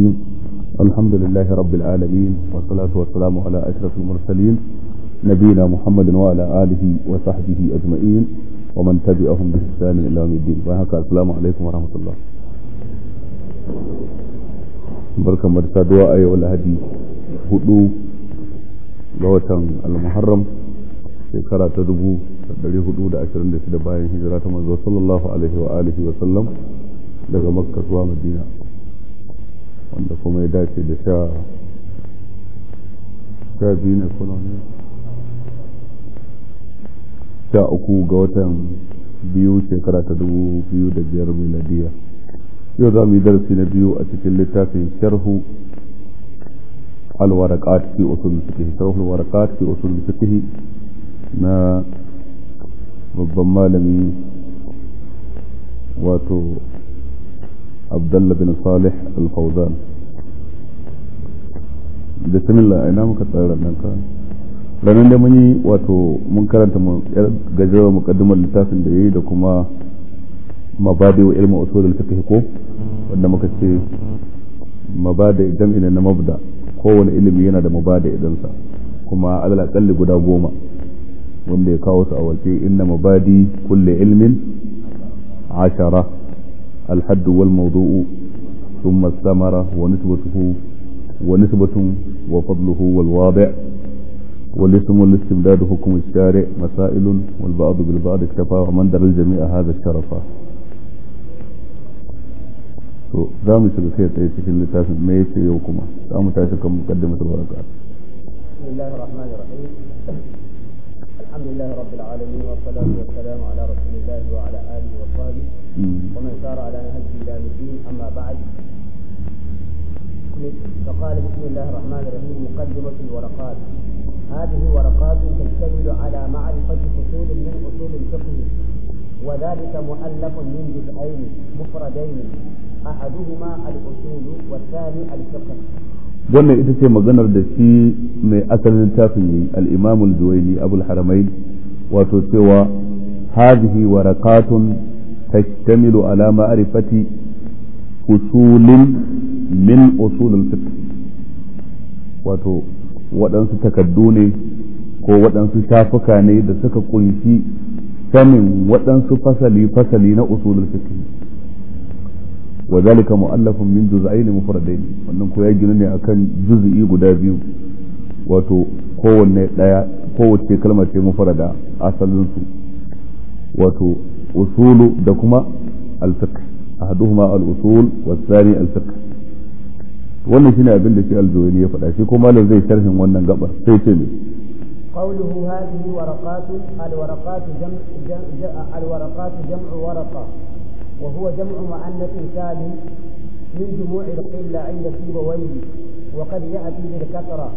الرجيم الحمد لله رب العالمين والصلاة والسلام على أشرف المرسلين نبينا محمد وعلى آله وصحبه أجمعين ومن تبعهم بإحسان إلى يوم الدين وهكذا السلام عليكم ورحمة الله بركة مرسى دعاء والهدي هدو لوتن المحرم shekara ta dubu da ɗari hudu da ashirin da shida bayan hijira ta manzo sallallahu alaihi wa alihi wa sallam daga makka zuwa madina wanda kuma ya dace da sha biyu ne kuna ne sha uku ga watan biyu shekara ta dubu biyu da biyar miladiya yau za mu yi darasi na biyu a cikin littafin sharhu alwarakat fi usul الفقه na babban malami wato عبد bin بن al الفوزان بسم الله muka tsara nan ka ranar da mun yi wato mun karanta mu gajerar mukaddimar littafin da ya yi da kuma mabadi wa ilmu usulul fiqh ko wanda muka ce mabada jam'i na mabda kowane ilimi yana da mabada idan sa kuma alal akalli guda goma wanda ya kawo su a wace inna mabadi kulle ilimin ashara الحد والموضوع ثم الثمرة ونسبته ونسبة وفضله والواضع والاسم والاستمداد حكم الشارع مسائل والبعض بالبعض اكتفى ومن در الجميع هذا الشرف to za mu shiga kai tsaye cikin littafin me yace yau kuma za mu tashi kan الحمد لله رب العالمين والصلاة والسلام على رسول الله وعلى آله وصحبه ومن سار على نهجه إلى الدين أما بعد فقال بسم الله الرحمن الرحيم مقدمة الورقات هذه ورقات تشتمل على معرفة فصول من أصول الفقه وذلك مؤلف من جزئين مفردين أحدهما الأصول والثاني الفقه wannan ita ce maganar da shi mai asalin tafin yi al juwaini abul haramain wato cewa hadhihi warakatun tashtamilu ala ma'rifati usulin min usulin fiqh wato waɗansu takaddu ne ko waɗansu shafuka ne da suka ƙunshi sanin waɗansu fasali-fasali na usulin fiqh wa zalika mu'allafun min juz'ain mufradain wannan ko ya gina ne akan juz'i guda biyu wato kowanne daya kowace kalmar ce mufrada asalin su wato usulu da kuma al-fiqh ahaduhuma al-usul والثاني الفقه wannan shine abin da shi al-zuhri aljuwani ya faɗa shi kuma malam zai sharhin wannan gabar sai ce ne قوله هذه ورقات الورقات جمع, جمع الورقات جمع ورقة وهو جمع مؤنث سالم من جموع القلة عند سيبويه وقد يأتي بالكثرة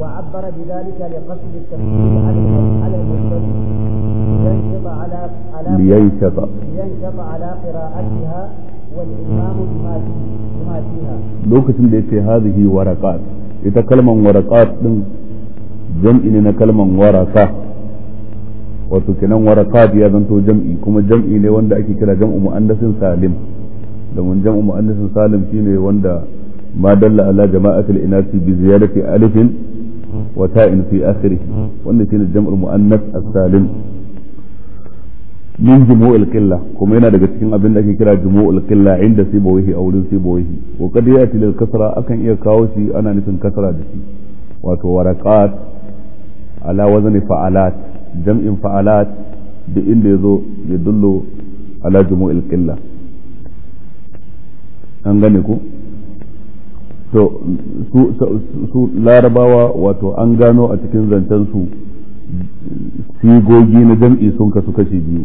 وعبر بذلك لقصد التفصيل على المفرد لينشط على على لينشط لينشط على قراءتها والإمام بما فيها لوكتن في هذه ورقات ita kalman warakat din jam'i ne na wato kenan warqat ya zanto jam'i kuma jam'i ne wanda ake kira jam'u muannasin salim domin jam'u muannasin salim shine wanda ma dalla ala jama'atil inasi bi ziyadati alifin wa ta'in fi akhirih wanda shine jam'ul muannas as-salim min jumu'ul qilla kuma yana daga cikin abin da ake kira jumu'ul qilla inda sibawihi aw wurin sibawihi wa qad yati lil kasra akan iya kawo shi ana nufin kasra da shi wato waraqat ala wazni fa'alat jam'in fa'alat da inda ya zo ya dullo ala jumu'il qilla an gane ko to su, su larabawa wato an gano a cikin zancen su sigogi na jam'i sun kasu kashi biyu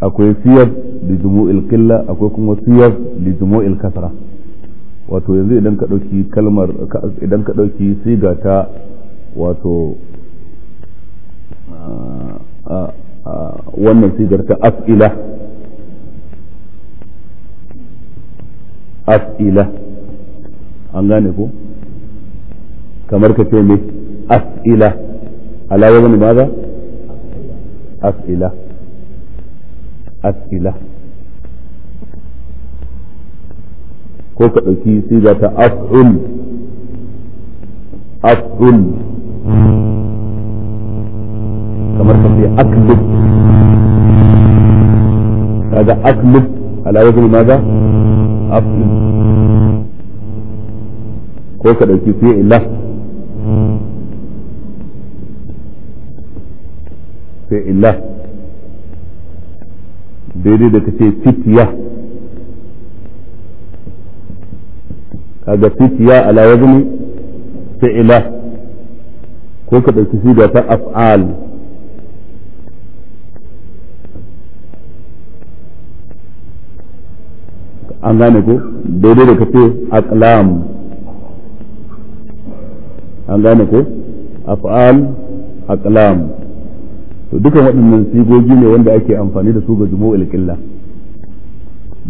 akwai siyar da jumu'il qilla akwai kuma siyar da jumu'il kasra wato yanzu idan ka dauki kalmar idan ka dauki siga wato wannan sigar ta as'ila as'ila an gane ko kamar ka ce ne as'ila ala wani maza as'ila as'ila ko ka ɗauki sigar ta af'ul af'ul kamar ka ce aklub kaga aklub ala wajen maza aklub ko ka ɗauki fiye illa fiye illa daidai da ka ce fitiya kaga fitiya ala wajen illa ko ka ɗauki da ta af'al an gane ko daidai da kafe aqlam an gane ko af'al aqlam to dukan waɗannan sigogi ne wanda ake amfani da su ga jumu'ul qilla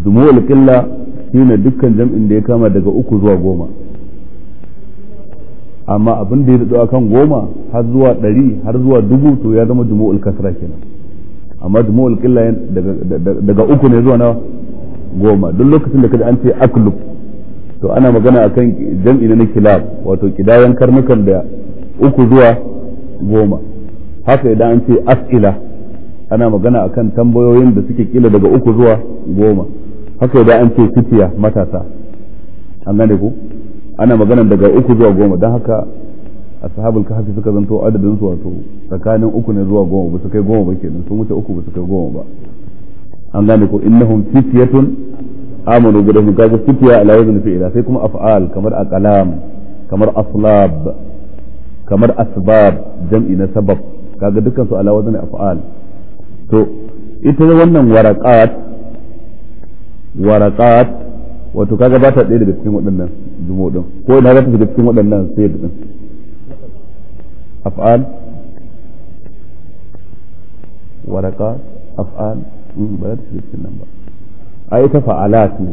jumu'ul qilla shine dukkan jam'in da ya kama daga uku zuwa goma amma abin da ya daɗo akan goma har zuwa ɗari har zuwa dubu to ya zama jumu'ul kasra kenan amma jumu'ul qilla daga uku ne zuwa nawa goma duk lokacin da kaji an ce aklub to ana magana akan jam'i na kilab wato kidayan karnukan da uku zuwa goma haka idan an ce as'ila ana magana akan tambayoyin da suke kila daga uku zuwa goma haka idan an ce fitiya matasa an gane ku ana magana daga uku zuwa goma don haka ashabul kahfi suka zanto adadin su wato tsakanin uku ne zuwa goma ba su kai goma ba kenan sun wuce uku ba su kai goma ba an gane ko innahum fityatun amanu bi rabbihim kaga fitya ala wazn fi'la sai kuma af'al kamar aqlam kamar aslab kamar asbab jam'i na sabab kaga dukkan su ala wazn af'al to ita wannan waraqat waraqat wato kaga ba ta ɗaya daga cikin waɗannan jumu'udin ko ina za ta shiga cikin waɗannan sai da af'al waraqat af'al ba za ta cikin nan ba ai ta fa'alat ne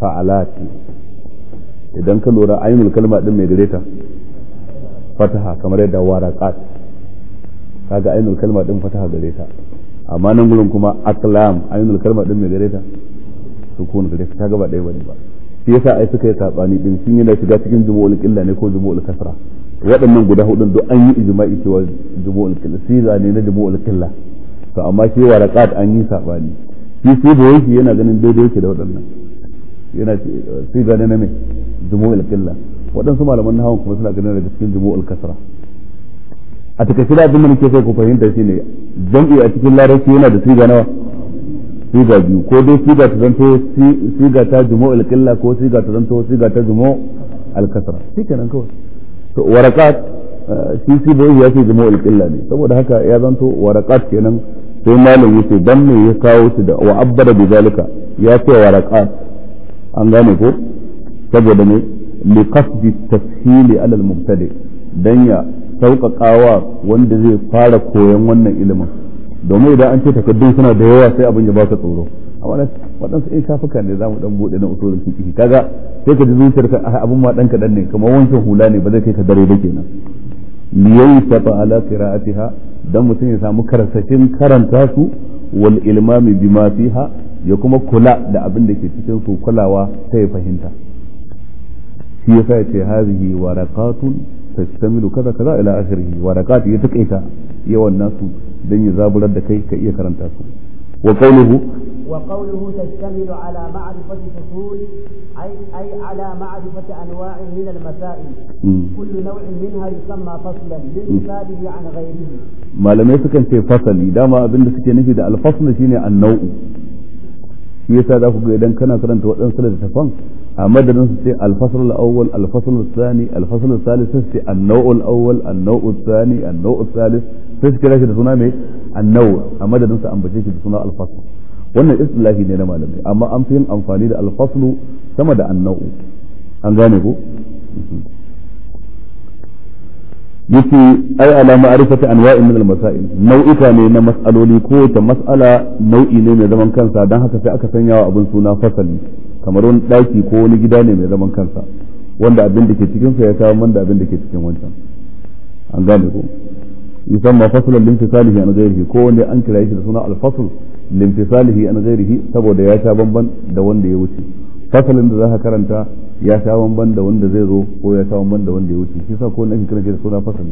fa'alat ne idan ka lura ainihin kalma din mai gareta fataha kamar yadda waraqat kaga ainihin kalma din fataha gareta amma nan gurin kuma aqlam ainihin kalma din mai gareta sukun gareta ta gaba ɗaya bane ba shi yasa ai suka yi sabani din shin yana shiga cikin jumu'ul qilla ne ko jumu'ul kasra waɗannan guda hudun duk an yi ijma'i cewa jumu'ul qilla siga ne na jumu'ul qilla to amma shi waraqat an yi sabani shi sai da yake yana ganin daidai yake da waɗannan yana sai ga na me jumu'ul qilla waɗansu malaman nahawun kuma suna ganin daga cikin jumu'ul kasra a takaice da abin da nake so ku fahimta ne jam'i a cikin larabci yana da siga nawa siga biyu ko dai siga ta zanto siga ta jumu'ul qilla ko siga ta zanto siga ta jumu'ul kasra kenan kawai to waraqat sisi bai ya ce jama'ul qilla ne saboda haka ya zanto waraqat kenan sai malam yace dan me ya kawo shi da wa abbada bi zalika ya ce waraqat an gane ko saboda ne li qasdi tafsil ala al mubtadi dan ya sauƙaƙawa wanda zai fara koyon wannan ilimin domin idan an ce takaddun suna da yawa sai abin ya baka tsoro amma waɗansu ɗan shafuka ne za mu ɗan buɗe na usulun cikin kaga sai ka ji zuciyarka ah, abin ma ɗan kaɗan ne kamar wancan hula ne ba zai kai ka dare da kenan liyansata ala qira'atiha dan mutum ya samu karsashin karanta su wal ilmami bima fiha ya kuma kula da abin da ke cikin su kulawa ta ya fahimta shi yasa ya ce hazihi waraqatun tastamilu kaza kaza ila akhirih waraqat ya takaita yawan nasu dan ya zaburar da kai ka iya karanta su wa qawluhu وقوله تشتمل على معرفة فصول أي, أي على معرفة أنواع من المسائل كل نوع منها يسمى فصلا لانفراده عن غيره ما لم يسكن في فصل داما أبن سكن نفي الفصل شيني النوع shi yasa za ku ga idan kana karanta waɗansu littattafan a madadin su ce alfasul awwal alfasul thani alfasul salis sai ce awwal an-naw'u thani salis sai suke kira shi da suna mai an a madadin su ambace shi da suna alfasul wannan istilahi ne na malamai amma an fi yin amfani da alfaslu sama da annau an gane ko yace ai ala ma'rifati anwa'in min al-masail nau'ika ne na mas'aloli ko ta mas'ala nau'i ne mai zaman kansa dan haka sai aka sanya wa abun suna fasali kamar wani daki ko wani gida ne mai zaman kansa wanda abin da ke cikin sa ya kawo man da abin da ke cikin wancan an gane ko yusamma faslan lin fisalihi an ghairihi ko wanda an kira shi da suna al-fasl لانفصاله عن غيره سبو دا ياشا بمبن دا وند يوشي فصل ان ذاها كرنتا ياشا بمبن دا وند زيغو هو ياشا بمبن دا وند يوشي كيسا كون نكي كنا كيسا كنا فصل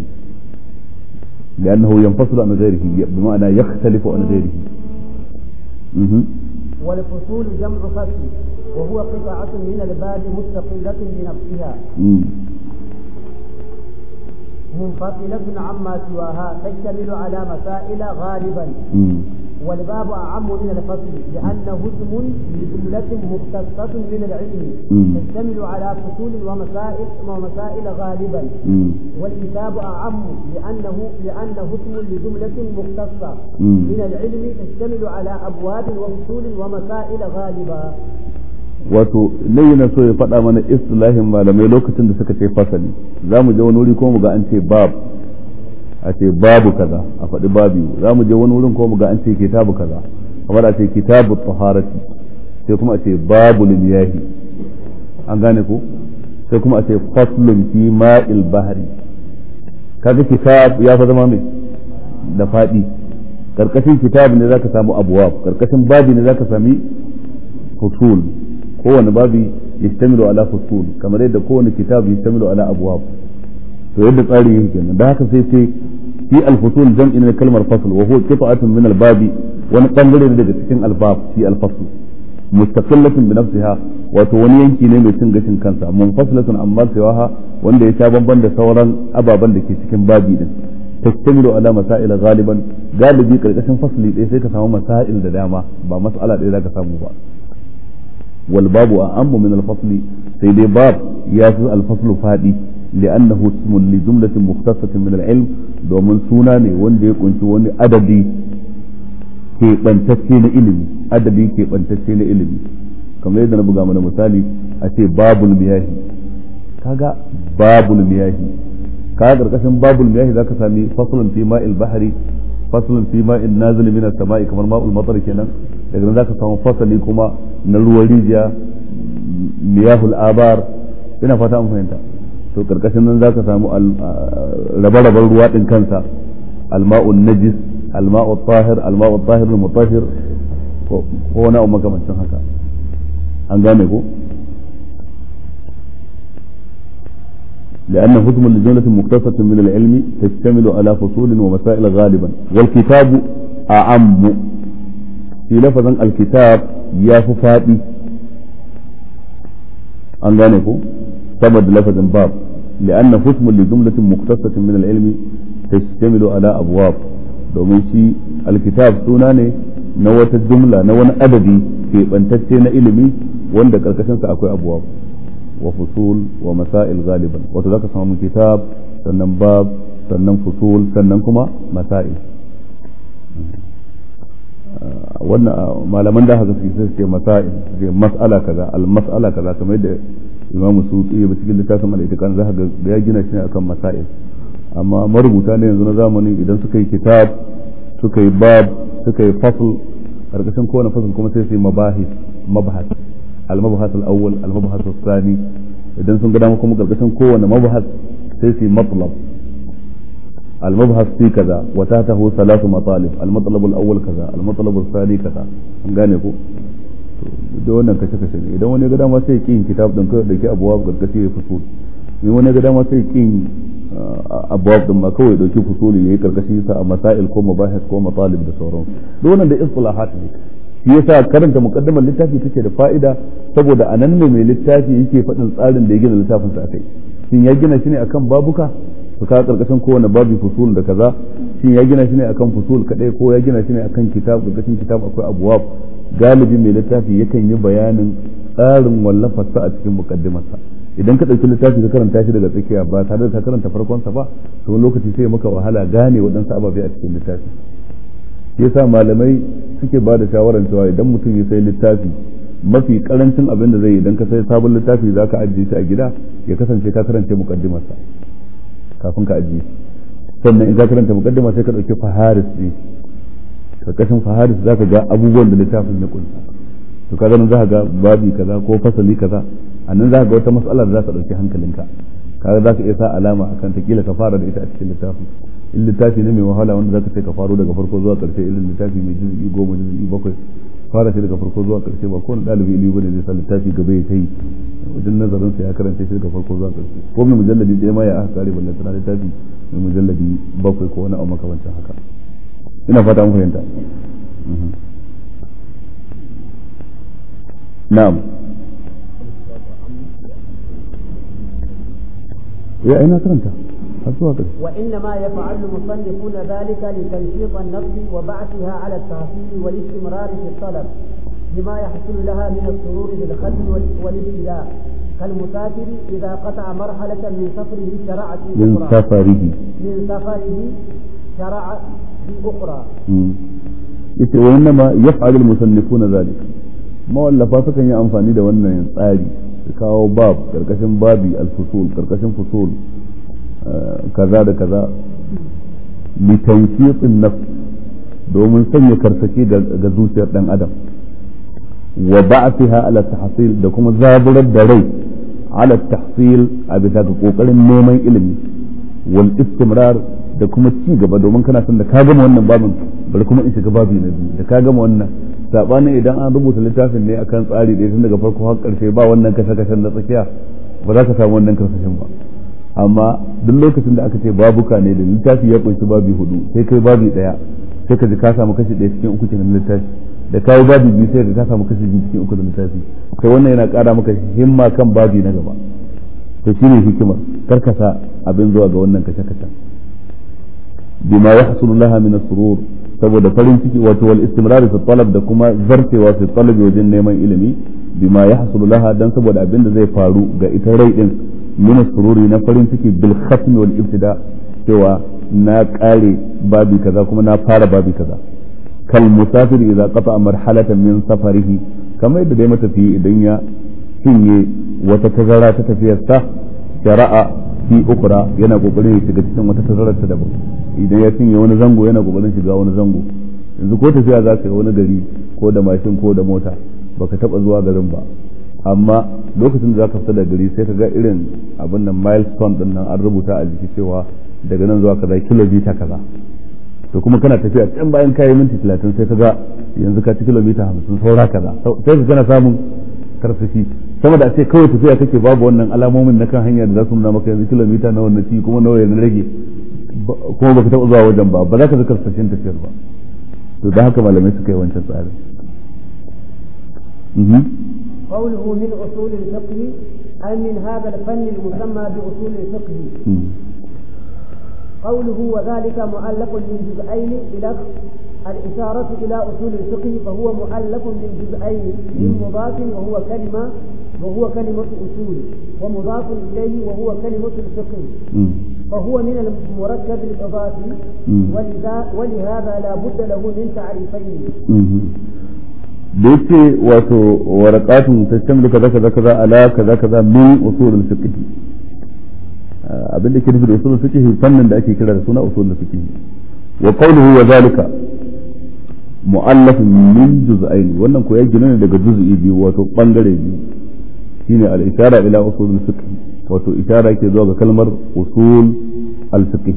لأنه ينفصل عن غيره بمعنى يختلف عن غيره والفصول جمع فصل وهو قطعة من الباب مستقلة بنفسها منفصلة عما سواها تشتمل على مسائل غالبا والباب أعم من الفصل لأنه اسم لجملة مختصة من العلم تشتمل على فصول ومسائل ومسائل غالبا والكتاب أعم لأنه لأنه اسم لجملة مختصة من العلم تشتمل على أبواب وفصول ومسائل غالبا wato lai yana so ya faɗa mana istilahin malamai lokacin da suka ce fasali za mu je wani wuri ko mu ga an ce bab a ce babu kaza a faɗi babu za mu je wani wurin ko mu ga an ce kitabu kaza kamar a ce kitabu taharati sai kuma a ce babu liyahi an gane ko sai kuma a ce faslun fi ma'il bahari kaga kitab ya fa zama mai da faɗi karkashin kitab ne zaka samu abwab karkashin babi ne zaka sami fusul kowane babi yastamilu ala fusul kamar yadda kowane kitab yastamilu ala abwab to yadda tsari yake nan da haka sai sai fi al-fusul jam'i kalmar fasl wa huwa qita'atun min al-babi wani bangare ne daga cikin al-bab fi al-fasl mustaqillatun bi wato wani yanki ne mai cin gashin kansa munfasilatun amma waha wanda ya sha bamban da sauran ababen da ke cikin babi din tastamilu ala masail galiban galibi karkashin fasli ɗaya sai ka samu masail da dama ba mas'ala ɗaya zaka samu ba wal babu a ammu min al fasli sai dai bab ya fi al faslu fadi لأنه اسم لجملة مختصة من العلم دومن سوناني وندي يكونش وندي أدبي كي بنتسين إلمي أدبي كي بنتسين إلمي كما يدنا بقى من مثالي أتي باب المياه كاقا باب المياه كاقا ركشن باب المياه ذاك سامي فصل في ماء البحر فصل في ماء النازل من السماء كما ماء المطر كنا لكن ذاك سامي فصل كما نلواليجيا مياه الآبار ina fata an fahimta to karkashin nan zaka samu rabarabar ruwa din kansa alma'un najis alma'u tahir alma'u tahir mutahhir ko wani abu makamancin haka an gane ko لأن هدم لجملة مقتصة من العلم تشتمل على فصول ومسائل غالبا والكتاب أعم في لفظا الكتاب يا فادي أن gane ko. sama da lafazin bab li'anna husmun li jumlatin muktasatin min al-ilmi tashtamilu ala abwab domin shi alkitab suna ne na wata jumla na wani adadi bantacce na ilimi wanda karkashinsa akwai abuwa wa fusul wa masail galiban wato zaka samu kitab sannan bab sannan fusul sannan kuma masail imam suti ba cikin littafin al-itiqan za ga ya gina shi akan masail amma marubuta ne yanzu na zamani idan suka yi kitab suka yi bab suka yi fasl karkashin kowane fasl kuma sai su yi mabahis mabahas al-mabahas al-awwal al-mabahas al-thani idan sun gada dama kuma karkashin kowane mabahas sai su yi matlab المبحث في كذا وتحته ثلاث مطالب المطلب الأول كذا المطلب الثاني كذا غانيكو da wannan kashe kashe ne idan wani ga dama sai yin kitab din kawai dauki abuwab gargashi ya fusul in wani ga dama sai kin abuwab ah, din ma kawai dauki fusuli yi karkashi sa a masail ko mabahis ko matalib da sauran da wannan da istilahat ne shi yasa karanta muqaddimar littafi take da fa'ida saboda anan ne mai littafi yake faɗin tsarin da ya gina littafin sa akai shin ya gina shi ne akan babuka to ka karkashin kowane babu fusul da kaza shin ya gina shi ne akan fusul kadai ko ya gina shi ne akan kitab karkashin kitab akwai abuwa galibi mai littafi yakan yi bayanin tsarin wallafarsa a cikin mukaddimarsa idan ka ɗauki littafi ka karanta shi daga tsakiya ba tare da ka karanta farkonsa ba to lokaci sai maka wahala gane waɗansu ababe a cikin littafi yasa malamai suke ba da shawarar cewa idan mutum ya sai littafi mafi karancin abin da zai idan ka sai sabon littafi za ka ajiye shi a gida ya kasance ka karanta mukaddimarsa kafin ka ajiye sannan in ka karanta mukaddimarsa sai ka ɗauki faharis ɗin karkashin za ka ga abubuwan da littafin ya kunsa to kaga nan zaka ga babi kaza ko fasali kaza a annan zaka ga wata mas'alar da zaka dauki hankalinka kaga ka iya sa alama a ta kila ka fara da ita a cikin littafin in littafi ne mai wahala wanda zaka sai ka faro daga farko zuwa karshe irin littafi mai juz'i goma juz'i bakwai fara shi daga farko zuwa karshe ba kowane ɗalibi ilimi bane zai sa littafi gaba ya kai wajen nazarin sa ya karanta shi daga farko zuwa karshe ko mai mujalladi ɗaya ma ya aka kare balle tana littafi mai mujalladi bakwai ko wani abu makamancin haka ina fata mun fahimta na'am ya ina karanta وإنما يفعل المصنفون ذلك لتنشيط النفس وبعثها على التحصيل والاستمرار في الطلب لما يحصل لها من السرور بالختم والابتلاء كالمسافر إذا قطع مرحلة من سفره شرعت من سفره من سفره شرع أخرى وإنما يفعل المصنفون ذلك ما ولا فاسك أن ينفاني ده وأنه ينطالي كاو باب كركشن بابي الفصول كركشن فصول آه، كذا ده كذا لتنكيط النفس دو من سن يكرسكي ده زوسير دان أدم وبعثها على التحصيل ده كما زابر على التحصيل أبي ذاك قوقل نومي إلمي wal istimrar da kuma ci gaba domin kana son da ka gama wannan babin bari kuma in shiga babi na biyu da ka gama wannan sabanin idan an rubuta littafin ne akan tsari da tun daga farko har karshe ba wannan kasa kashen na tsakiya ba za ka samu wannan karsashin ba amma duk lokacin da aka ce babuka ne da littafi ya kunshi babi hudu sai kai babi daya sai ka ji ka samu kashi daya cikin uku cikin littafi da yi babi biyu sai ka samu kashi biyu cikin uku da littafi kai wannan yana kara maka himma kan babi na gaba to shine hikima karkasa abin zuwa ga wannan kace kace bima yahsulu laha min surur saboda farin ciki wato wal istimrar fi talab da kuma zartewa fi talab wajen neman ilimi bima yahsulu laha dan saboda abin da zai faru ga ita rai din min sururi na farin ciki bil khatm wal ibtida cewa na kare babi kaza kuma na fara babi kaza kal musafir idza qata marhalatan min safarihi kamar yadda dai matafi idan ya cinye wata tazara ta tafiyarsa shara'a fi ukura yana kokarin ya shiga cikin wata tazarar ta daban idan ya cinye wani zango yana kokarin shiga wani zango yanzu ko tafiya za ka yi wani gari ko da mashin ko da mota baka taba zuwa garin ba amma lokacin da za ka fita da gari sai ka ga irin abin nan milestone din nan an rubuta a jiki cewa daga nan zuwa kaza kilomita kaza to kuma kana tafiya can bayan kayi minti talatin sai ka ga yanzu ka ci kilomita hamsin saura kaza sai ka kana samun karsafi. sama da ce kawai tafiya kake babu wannan alamomin na kan hanya da za su nuna maka yanzu kilomita na wannan ci kuma nawa na rage kuma baka taɓa zuwa wajen ba ba za ka zaka sashen tafiyar ba to da haka malamai suka yi wancan tsarin mhm. قوله من أصول الفقه أي من هذا الفن المسمى بأصول الفقه قوله وذلك معلق من جزئين بلفظ الإشارة إلى أصول الفقه فهو مؤلف من جزئين من مضاف وهو كلمة وهو كلمة أصول ومضاف إليه وهو كلمة الفقه فهو من المركب الإضافي ولذا ولهذا لا بد له من تعريفين بيتي واتو ورقات تشتمل كذا كذا كذا على كذا كذا من أصول الفقه آه، أبدا كذا أصول الفقه فنن لأكي كذا أصول الفقه وقوله وذلك mu'allafin min juz'ain wannan ko ya gina ne daga juz'i biyu wato bangare biyu shine al-ishara ila usul al-fiqh wato ishara ke zuwa ga kalmar usul al-fiqh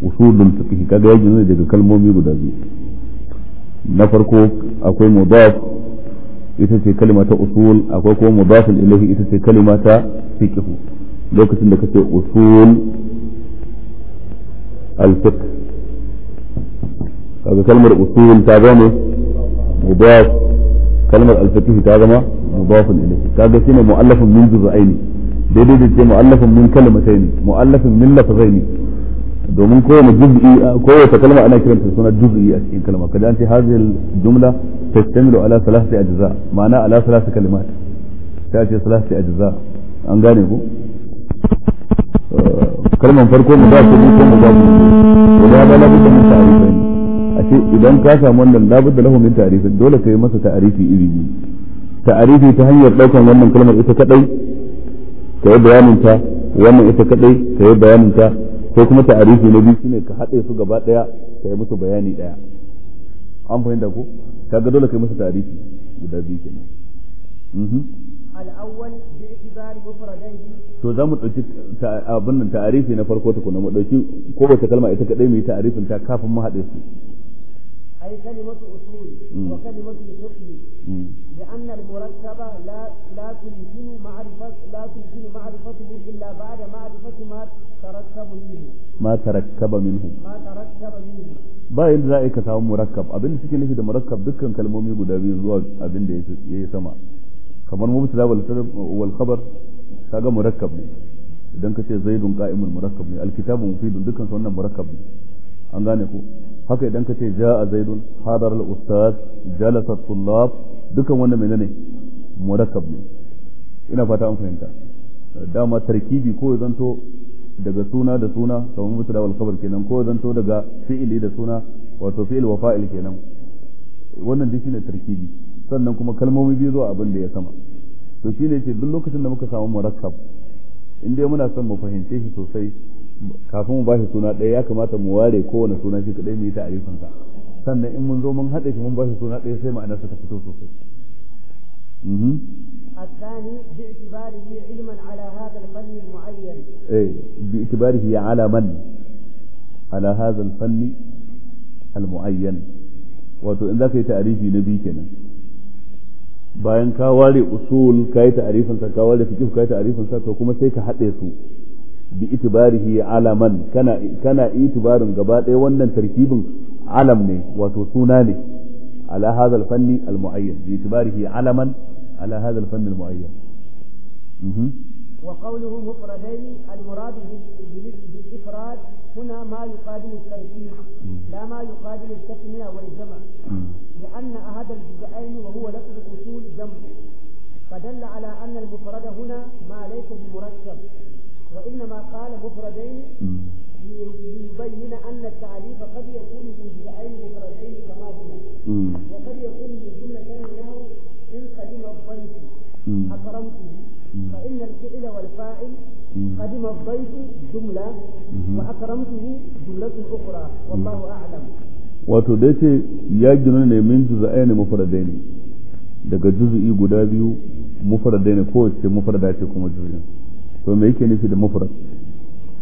usul al-fiqh kaga ya gina ne daga kalmomi guda biyu na farko akwai mudaf ita ce kalma ta usul akwai kuma mudaf ilayhi ita ce kalma ta fiqh lokacin da kace usul al-fiqh kaga kalmar usul ta zama mudaf kalmar al-fiqh ta zama mudaf ilayhi kaga shine mu'allafun min juz'aini daidai da ce mu'allafun min kalmataini mu'allafun min lafzaini domin kowane juz'i kowace kalma ana kiranta da suna juz'i a cikin kalma kaji an ce hazil jumla tastamilu ala salasati ajza ma'ana ala salasati kalimat ta ce salasati ajza an gane ku kalman farko mu ba su ne ko mu ba su ne da ba la budda min ta'rifin a ce idan ka samu wannan labar da lahumin ta'rifin dole kai masa ta'rifi iri biyu ta'rifi ta hanyar daukan wannan kalmar ita kadai kai yi bayaninta wannan ita kadai kai yi bayaninta sai kuma ta'rifi na biyu shine ka haɗe su gaba daya yi musu bayani daya an fahimta ko kaga dole kai masa ta'rifi guda biyu kenan mhm. to za mu ɗauki abin nan ta'arifi na farko tukuna mu ɗauki kowace kalma ita kaɗai mu yi ta'arifin ta kafin mu haɗe su أي كلمة أصول وكلمة فقه لأن المركب لا لا تمكن معرفة لا تمكن معرفته إلا بعد معرفة ما تركب منه ما تركب منه ما تركب منه ba za a yi ka murakkab abin da suke nufi da murakkab dukkan kalmomi guda biyu zuwa abin da ya yi sama kamar da wal khabar kaga murakkab ne idan ka ce zaidun qa'imul murakkab ne alkitabu mufidun dukkan su wannan murakkab ne an gane ko haka idan ka ce a zaidun hadar al'ustad jalasar tullab dukan wannan menene murakab ne ina fata an fahimta dama tarkibi ko ya zanto daga suna da suna kamar mutu da khabar kenan ko zanto daga fi'ili da suna wato fi'il wa fa'il kenan wannan duk shine tarkibi sannan kuma kalmomi biyu zuwa abin da ya sama to shine ce duk lokacin da muka samu murakab in muna son mu fahimce shi sosai kafin mu bashi suna ɗaya ya kamata mu ware kowane suna shi kaɗai mu yi ta'arifin sannan in mun zo mun haɗe shi mun bashi suna ɗaya sai ma'anarsa ta fito sosai mhm. الثاني باعتباره علما على هذا الفن المعين ايه باعتباره من على هذا الفن المعين wato in za ka yi ta'arifi na biyu kenan bayan ka ware usul ka yi كاي sa ka ware fiqh ka yi kuma sai ka haɗe su باعتباره علما كان كان اعتبار غبات اي wannan tarkibin alam ne wato suna ne ala hada على almuayyan bi'tibarihi alaman ala hada وقوله مفردين المراد بالإفراد هنا ما يقابل التركيب لا ما يقابل التقنية والجمع لأن أحد الجزئين وهو لفظ أصول جمع فدل على أن المفرد هنا ما ليس بمركب وإنما قال مفردين ليبين أن التعريف قد يكون من جزئين مفردين كما هنا وقد يكون من جملة نحو إن قدم الضيف أكرمته فإن الفعل والفاعل قدم الضيف جملة وأكرمته جملة أخرى والله أعلم wato da ce ya gina ne min juza'ai ne mafaradai ne daga juzu'i guda biyu mafaradai ne kowace mafarada ce kuma juzu'in to me yake nufi da mufrad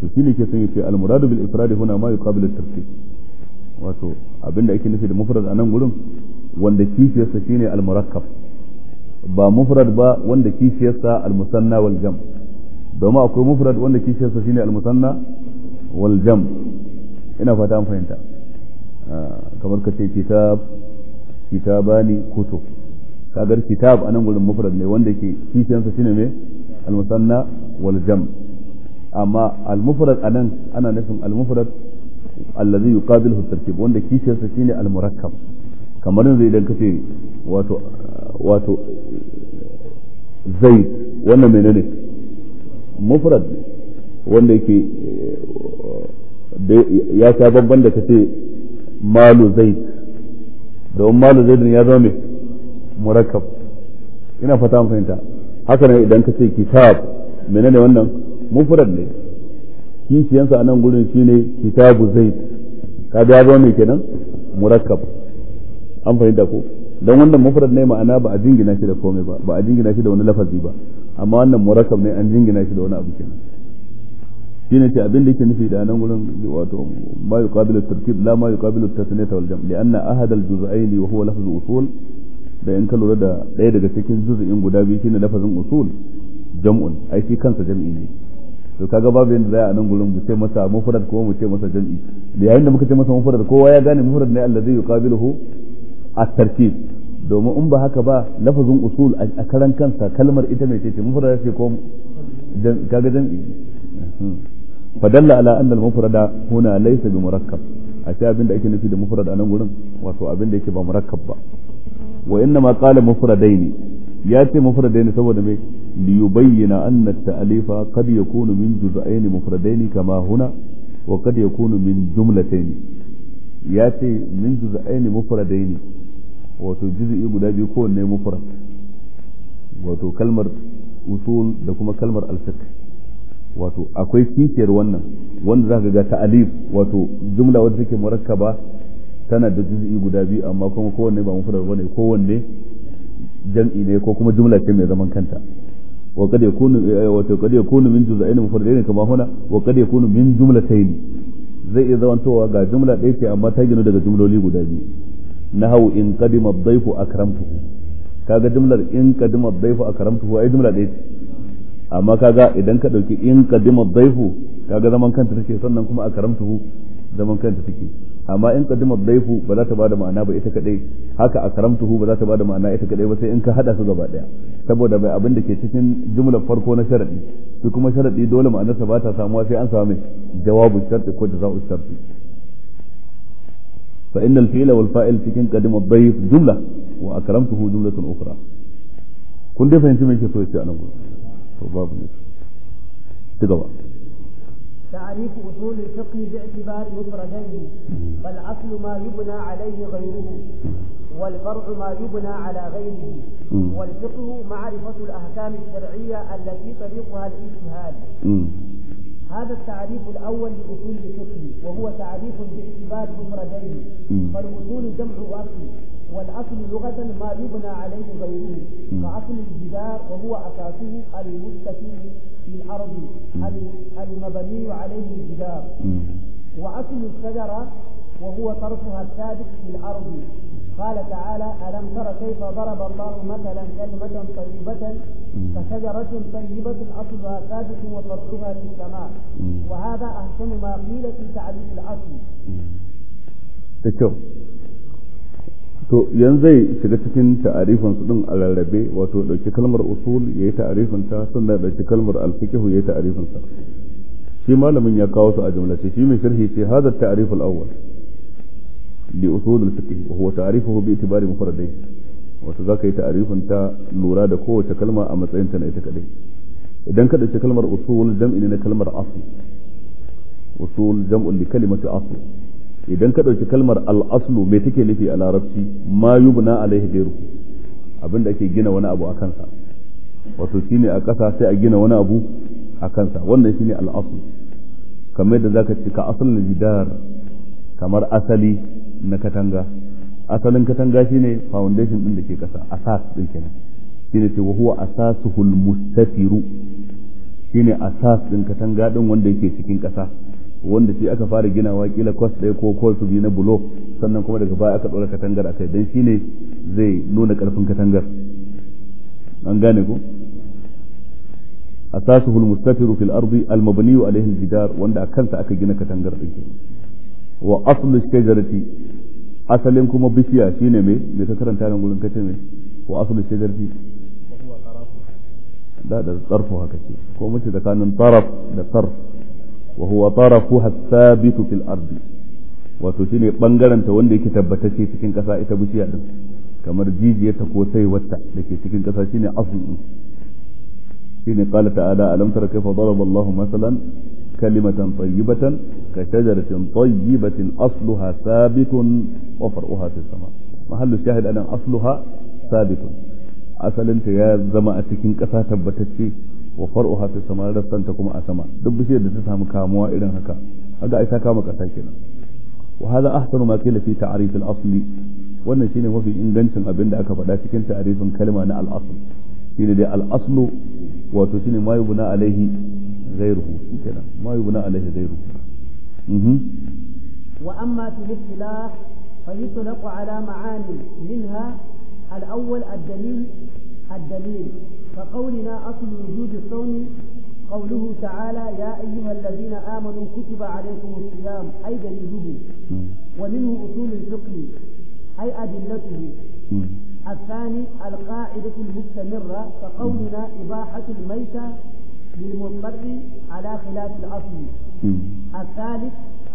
to shine ke son yace al muradu bil ifrad huna ma yuqabil at tartib wato abinda ake nufi da mufrad a nan gurin wanda kishiyarsa shine al murakkab ba mufrad ba wanda al musanna wal jam domin akwai mufrad wanda shine al musanna wal jam ina fata an fahimta ah, kamar ka ce kitab kitabani kutub kagar kitab anan gurin mufrad ne wanda yake kishiyarsa shine me al musanna wal jam amma al anan ana nufin al mufrad allazi yuqabiluhu tarkib wanda kishiyarsa shine al kamar yanzu idan kace wato wato zaid wannan menene mufrad wanda yake eh, ya ta babban da kace malu zaid malu ya zama murakkab ina fata mun fahimta haka ne idan kace kitab menene wannan mufrad ne kishiyansa a nan gurin shine kitabu zaid ka ga zama mai kenan murakkab an fahimta ko don wannan mufrad ne ma'ana ba a jingina shi da komai ba ba a jingina shi da wani lafazi ba amma wannan murakkab ne an jingina shi da wani abu kenan shine ce abin da yake nufi da nan gurin wato ma yuqabilu tarkib la ma yuqabilu tasniyata wal jam' li'anna ahad al juz'ain wa huwa lafzu usul da in ka lura da ɗaya daga cikin juz'in guda biyu shine lafazin usul jam'un ai shi kansa jam'i ne to kaga babu yanda za a nan gurin mu ce masa mufrad ko mu ce masa jam'i da yayin da muka ce masa mufrad kowa ya gane mufrad ne allazi yuqabiluhu at-tartib domin in ba haka ba lafazin usul a karan kansa kalmar ita mai ce mufrad ce ko kaga jam'i hmm. fadalla ala anna al-mufrada huna laysa bi murakkab a ce abin da ake nufi da mufrad a nan gurin wato abin da yake ba murakkab ba wa inna ma qala mufradaini ya ce mufradaini saboda me ليبين أن التأليف قد يكون من جزئين مفردين كما هنا وقد يكون من جملتين ياتي من جزئين مفردين wato juz'i guda biyu kowanne mufrad wato kalmar usul da kuma kalmar alfiq wato akwai kishiyar wannan wanda zaka ga ta'alif wato jumla wadda take murakkaba tana da juz'i guda biyu amma kuma kowanne ba mufrad bane kowanne jam'i ne ko kuma jumla ce mai zaman kanta وقد يكون وقد يكون من جزئين مفردين كما هنا وقد يكون من جملتين zai iya zamantowa ga jumla ɗaya ce amma ta gina daga jumloli guda biyu na hau in kadima daifu a karamtuhu kaga jumlar in kadima daifu a karamtuhu ai jumla ɗaya ce amma kaga idan ka ɗauki in kadima daifu kaga zaman kanta take sannan kuma a karamtuhu zaman kanta take amma in kadima daifu ba za ta bada ma'ana ba ita kadai haka a karamtuhu ba za ta bada ma'ana ita kadai ba sai in ka hada su gaba ɗaya saboda bai abin da ke cikin jumlar farko na sharadi su kuma sharadi dole ma'anarsa ba ta samuwa sai an samu jawabu sharadi ko jaza'u sharadi fa innal fi'la wal fa'il cikin qadima dhayf jumla wa akramtuhu jumlatun ukhra kun dai fahimci me yake so ya ce anan to babu ne ci gaba تعريف أصول الفقه باعتبار مفرديه فالأصل ما يبنى عليه غيره والفرع ما يبنى على غيره والفقه معرفة الأحكام الشرعية التي طريقها الاجتهاد هذا التعريف الأول لأصول الفقه وهو تعريف باعتبار مفرديه فالأصول جمع أصل والأصل لغة ما يبنى عليه غيره كأصل الجدار وهو أساسه في الأرض المبني عليه الجدار وأصل الشجرة وهو طرفها الثابت في الأرض قال تعالى ألم تر كيف ضرب الله مثلا كلمة طيبة كشجرة طيبة أصلها ثابت وطرفها في السماء وهذا أحسن ما قيل في تعريف الأصل. to yanzu zai shiga cikin ta'arifin su din a rarrabe wato dauki kalmar usul yayi ta'arifin ta sannan dauki kalmar al-fiqh yayi ta'arifin sa shi malamin ya kawo su a jumlace shi mai sharhi ce hadha tarif al-awwal li usul al-fiqh huwa ta'rifuhu bi itibari wato zaka yi ta'arifin ta lura da kowace kalma a matsayin ta na ita kadai idan ka dauki kalmar usul jam'i ne na kalmar asl usul jam'u li kalimati asl idan ka ɗauki kalmar al'aslu mai take nufi a larabci ma yubna alaihi gairu abin da ake gina wani abu a kansa wato shine a ƙasa sai a gina wani abu a kansa wannan shine al'aslu kamar yadda zaka ce ka asalin jidar kamar asali na katanga asalin katanga shine foundation din da ke ƙasa asas din kenan shine ce wa huwa asasuhul mustafiru shine asas din katanga din wanda yake cikin ƙasa wanda shi aka fara gina kila kwas ɗaya ko kwas biyu na bulo sannan kuma daga baya aka ɗora katangar akai dan shine zai nuna ƙarfin katangar an gane ku asasuhu almustafiru fil ardi almabniyu alayhi aljigar wanda a kansa aka gina katangar din wa aslu shajarati asalin kuma bishiya shine me me ka karanta nan gurin kace me wa aslu shajarati da da tsarfu haka ce ko mace tsakanin taraf da tsarf wa huwa tarafuha thabitu fil ardi wato shine bangaren ta wanda yake tabbatacce cikin kasa ita bishiya din kamar jijiyarta ko saiwarta da ke cikin kasa shine asli shine qala ta'ala alam tara kayfa daraba Allahu masalan kalimatan tayyibatan ka shajaratin tayyibatin asluha thabitun wa far'uha fis sama mahallu shahid anan asluha thabitun asalin ta ya zama a cikin kasa tabbatacce وفرؤها في السماء رفتان تكون أسماء دب بشير دستها مكاموا إذن هكا هذا إيسا كامك أساكينا وهذا أحسن ما كيل في تعريف الأصل وأن سيني هو في إنغنس أبن دعك فلاسك أنت أريف كلمة عن الأصل سيني دي الأصل وتسيني ما يبنى عليه غيره ما يبنى عليه غيره مهم. وأما في الاصطلاح فيطلق على معاني منها الأول الدليل الدليل كقولنا أصل وجود الصوم قوله تعالى يا أيها الذين آمنوا كتب عليكم الصيام أي دليله ومنه أصول الفقه أي أدلته الثاني القاعدة المستمرة كقولنا إباحة الميتة للمضطر على خلاف الأصل الثالث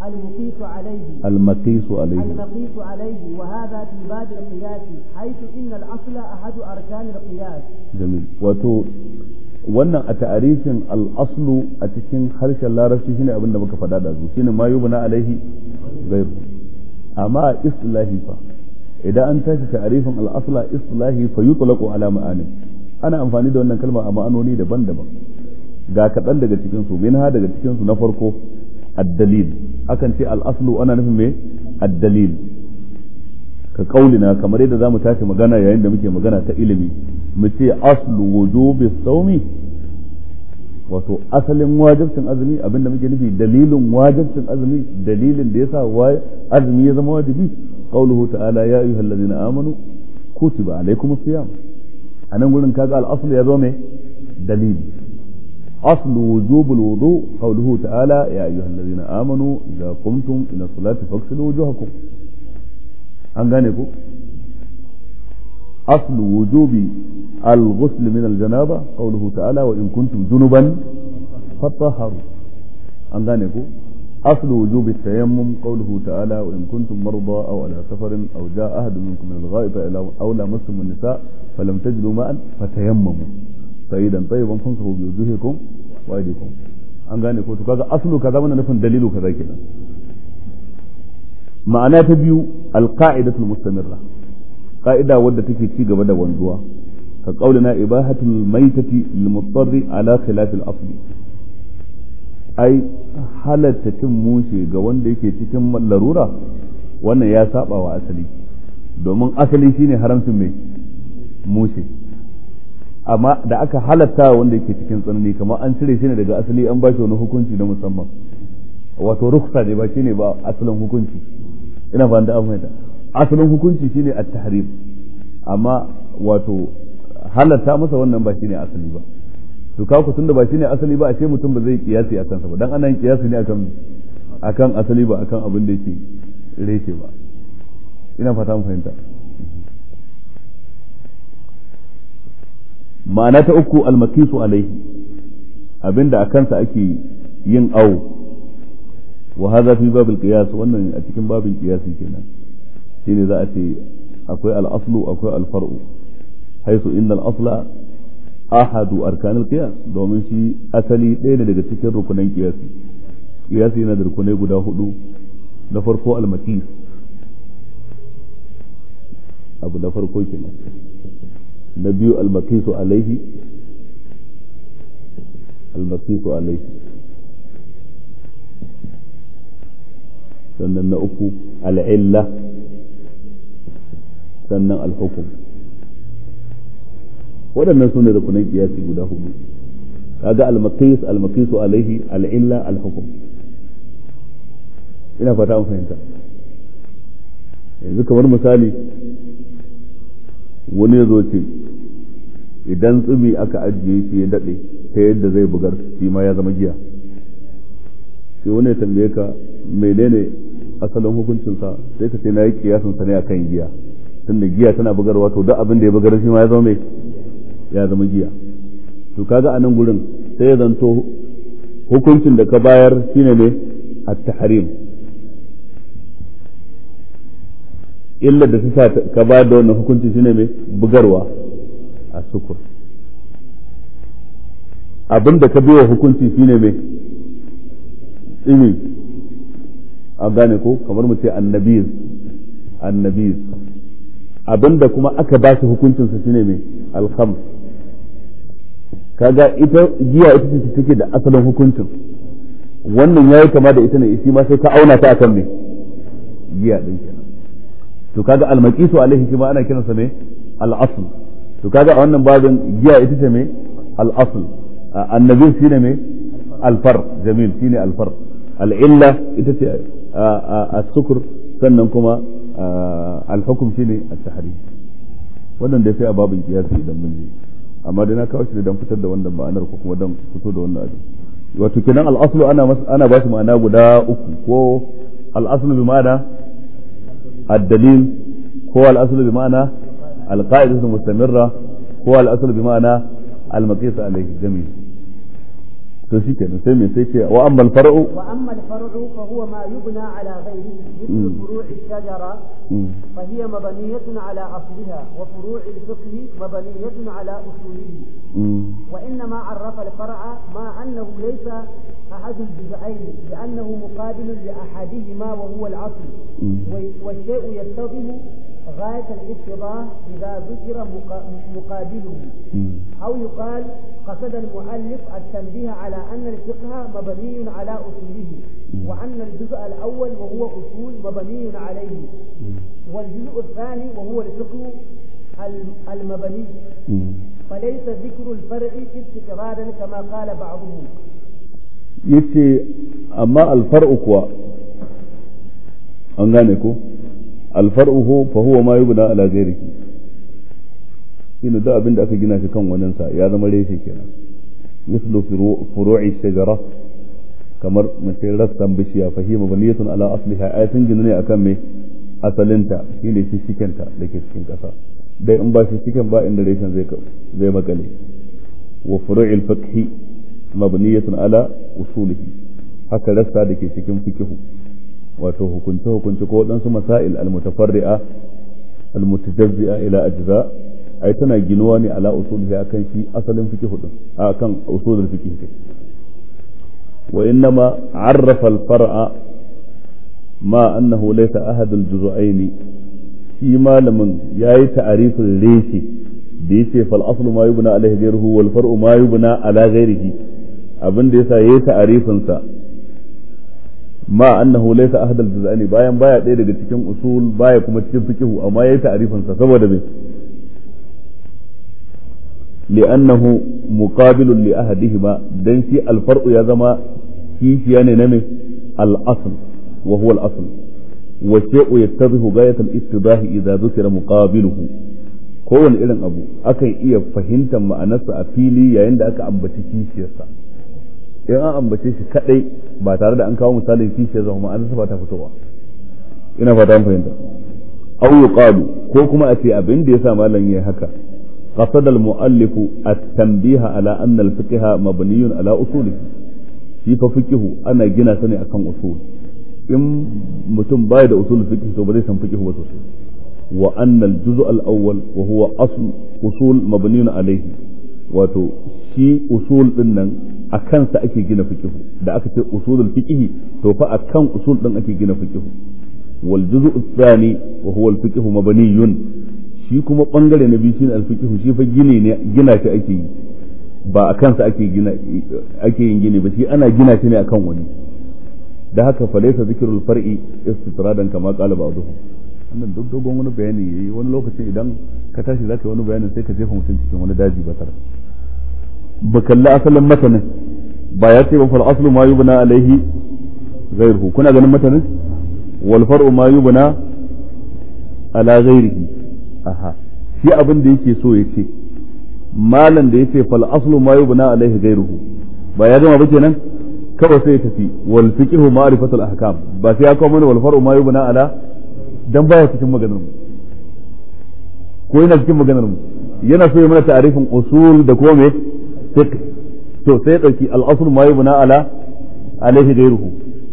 المقيس عليه المقيس عليه المقيس عليه وهذا في باب القياس حيث إن الأصل أحد أركان القياس جميل وتو wannan a ta'arifin al'aslu a cikin harshen larabci shine abin da muka faɗa da su shine ma yubna alaihi ghairu amma islahi fa idan an tashi ta'arifin al'asla islahi fa yutlaqu ala ma'anin ana amfani da wannan kalma a ma'anoni daban-daban ga kaɗan daga cikinsu su daga cikinsu na farko ad-dalil akan ce al'aslu ana nufin me addalil ka kaulina kamar yadda zamu tashi magana yayin da muke magana ta ilimi mu ce aslu wujubi saumi wato asalin wajibcin azumi abinda muke nufi dalilin wajibcin azumi dalilin da yasa azumi ya zama wajibi qauluhu ta'ala ya ayyuhal ladzina amanu kutiba alaykumus siyam anan gurin kaga al al'aslu ya zo me dalili أصل وجوب الوضوء قوله تعالى يا أيها الذين آمنوا إذا قمتم إلى الصلاة فاغسلوا وجوهكم أنغانيكو أصل وجوب الغسل من الجنابة قوله تعالى وإن كنتم جنبا فطهروا أنغانيكو أصل وجوب التيمم قوله تعالى وإن كنتم مرضى أو على سفر أو جاء أحد منكم من الغائط أو لامستم النساء فلم تجدوا ماء فتيمموا sayidan tayyiban fansahu bi wujuhikum wa aydikum an gane ko to kaga aslu kaza wannan nufin dalilu kaza kenan ma'ana ta biyu alqa'idatul mustamirra qa'ida wadda take ci gaba da wanzuwa ka qaulina ibahatul maitati lil mutarri ala khilaf al asli ai halatta cin mushe ga wanda yake cikin larura wannan ya saba wa asali domin asali shine haramcin mai mushe amma da aka halatta wanda yake cikin tsanani kamar an cire shi ne daga asali an bashi wani hukunci na musamman wato rukhsa ne ba ne ba asalin hukunci ina ba da amfani asalin hukunci shi ne at-tahrim amma wato halatta masa wannan ba ne asali ba to ka ku tunda ba ne asali ba a ce mutum ba zai kiyasi akan sa ba dan anan kiyasi ne akan akan asali ba akan abin da yake reshe ba ina fata mun fahimta ma'ana ta uku almakisu alaihi abinda a kansa ake yin awo wa hadha fi babil qiyas wannan a cikin babin qiyasi kenan shine za a ce akwai al-aslu akwai al-far'u haisu inna al-asla ahadu arkan al-qiyas domin shi asali ɗaya ne daga cikin rukunan qiyasi qiyasi yana da rukunai guda hudu na farko al-makis abu na farko kenan na biyu almakisu alaihi almakisu alaihi sannan na uku al'illa sannan alhukum waɗannan su ne rukunan kiyasi guda hudu kaga almakis almakisu alaihi al'illa alhukum ina fata an fahimta yanzu kamar misali wani ya zo ce idan tsumi aka ajiye shi ya daɗe ta yadda zai bugar shi ma ya zama giya sai wani ya tambaye ka menene asalin hukuncinsa sai ka ce na yi kiyasin sa ne akan giya tunda giya tana bugarwa to duk abin da ya bugar shi ma ya zama mai ya zama giya to kaga a nan gurin sai ya zanto hukuncin da ka bayar shine ne a tahrim illa da su sa ka ba da wannan hukunci shine mai bugarwa a sukur abin da ka biyo hukunci shine mai tsimi a gane ko kamar mu ce annabiz annabiz abin da kuma aka ba su hukuncinsa shine mai alham kaga ita giya ita ce take da asalin hukuncin wannan yayi kama da ita ne shi ma sai ka auna ta akan mai giya din kenan to kaga almaqisu alaihi shi ma ana sa me al-asl to kaga a wannan babin giya ita ce me al-asl annabi shine me al-far jamil shine al-far al-illa ita ce as-sukr sannan kuma al-hukm shine at-tahrim wannan dai sai a babin kiyasi idan mun yi. amma dai na kawo shi dan fitar da wannan ma'anar ko kuma dan fito da wannan abin wato kenan al-aslu ana ana ba shi ma'ana guda uku ko al-aslu bi ma'ana الدليل هو الأصل بمعنى القاعدة المستمرة هو الأصل بمعنى المقيس عليه جميل to shi kenan sai mai sai ce wa amma al-far'u wa amma al-far'u مثل فروع الشجرة فهي مبنية على أصلها وفروع الفقه مبنية على أصوله وإنما عرف الفرع ما أنه ليس أحد الجزئين لأنه مقابل لأحدهما وهو العصر والشيء يتضح غاية الاقتضاء إذا ذكر مقابله أو يقال قصد المؤلف التنبيه على أن الفقه مبني على أصوله وأن الجزء الأول وهو أصول مبني عليه والجزء الثاني وهو الفقه المبني فليس ذكر الفرع استقرارا كما قال بعضهم yace أما الفرع kuwa أنغانيكو alfar'uhu fa huwa ma yubna ala ghairihi ina da abin da aka gina shi kan wannan sa ya zama reshe kenan mislu furu'i shajara kamar mace rassan bishiya fahima baniyatun ala asliha ay sun gina ne akan me asalinta shine shishikenta da ke cikin kasa dai in ba cikin ba inda reshen zai zai makale wa furu'i al-fiqhi mabniyatun ala usulihi haka rassa da ke cikin fiqhu wato hukunce hukunce ko waɗansu masail almutafarri'a almutajazzi'a ila ajza ai tana ginuwa ne ala usulihi kan shi asalin fiqh din akan usulul fiqh kai wa innama arrafa al-far'a ma annahu laysa ahad al shi malamin yayi ta'arifin reshe da yace fal aslu ma yubna alayhi ghayruhu wal far'u ma yubna ala ghayrihi abin da yasa yayi ta'arifin sa ma annahu laysa ahad al-juz'ani bayan baya ɗaya daga cikin usul baya kuma cikin fiqh amma yayi ta'rifin sa saboda me li'annahu muqabilun li ahadihima dan shi al ya zama kishiya ne na me al-asl wa huwa al-asl wa shay'u yattabihu ghayat al-ittibahi idza dhukira muqabiluhu kowane irin abu akan iya fahimtar ma'anarsa a fili yayin da aka ambaci kishiyarsa in an ambace shi kadai ba tare da an kawo misalin ya zama an ba ta fitowa ina fata an fahimta aw yuqalu ko kuma a ce abin da yasa malam yayi haka قصد المؤلف التنبيه على أن الفقه مبني على أصوله shi fa fikihu ana gina sa ne akan usul in mutum bai da usul fikihu to ba zai san fikihu ba sosai wa anna wato shi usul din nan a kansa ake gina fikihu da aka ce usulul fikihi to fa a kan usul din ake gina fikihu wal juzu tsani wa huwa al fikihu mabaniyun shi kuma bangare na biyu shine al fikihu shi fa gine ne gina shi ake yi ba a kansa ake gina ake yin gini ba shi ana gina shi ne akan wani da haka fa laysa zikrul far'i istitradan kama qala ba'dhum wannan duk dogon wani bayani yayi wani lokacin idan ka tashi zaka yi wani bayanin sai ka jefa mutum cikin wani daji ba tare ba kalli asalin matanin ba ya ce ba fal aslu ma yubna alaihi ghairuhu kuna ganin matanin wal far'u ma yubna ala ghairihi aha shi abin da yake so ya ce malan da yace fal aslu ma yubna alaihi ghairuhu ba ya gama ba kenan kawai sai tafi wal fiqhu ma'rifatul ahkam ba sai ya kawo mana wal far'u ma yubna ala dan baya cikin maganar mu ko yana cikin maganar mu yana so ya mana ta'arifin usul da kuma me fiqh to sai dauki al-asl ma yubna ala alaihi ghayruhu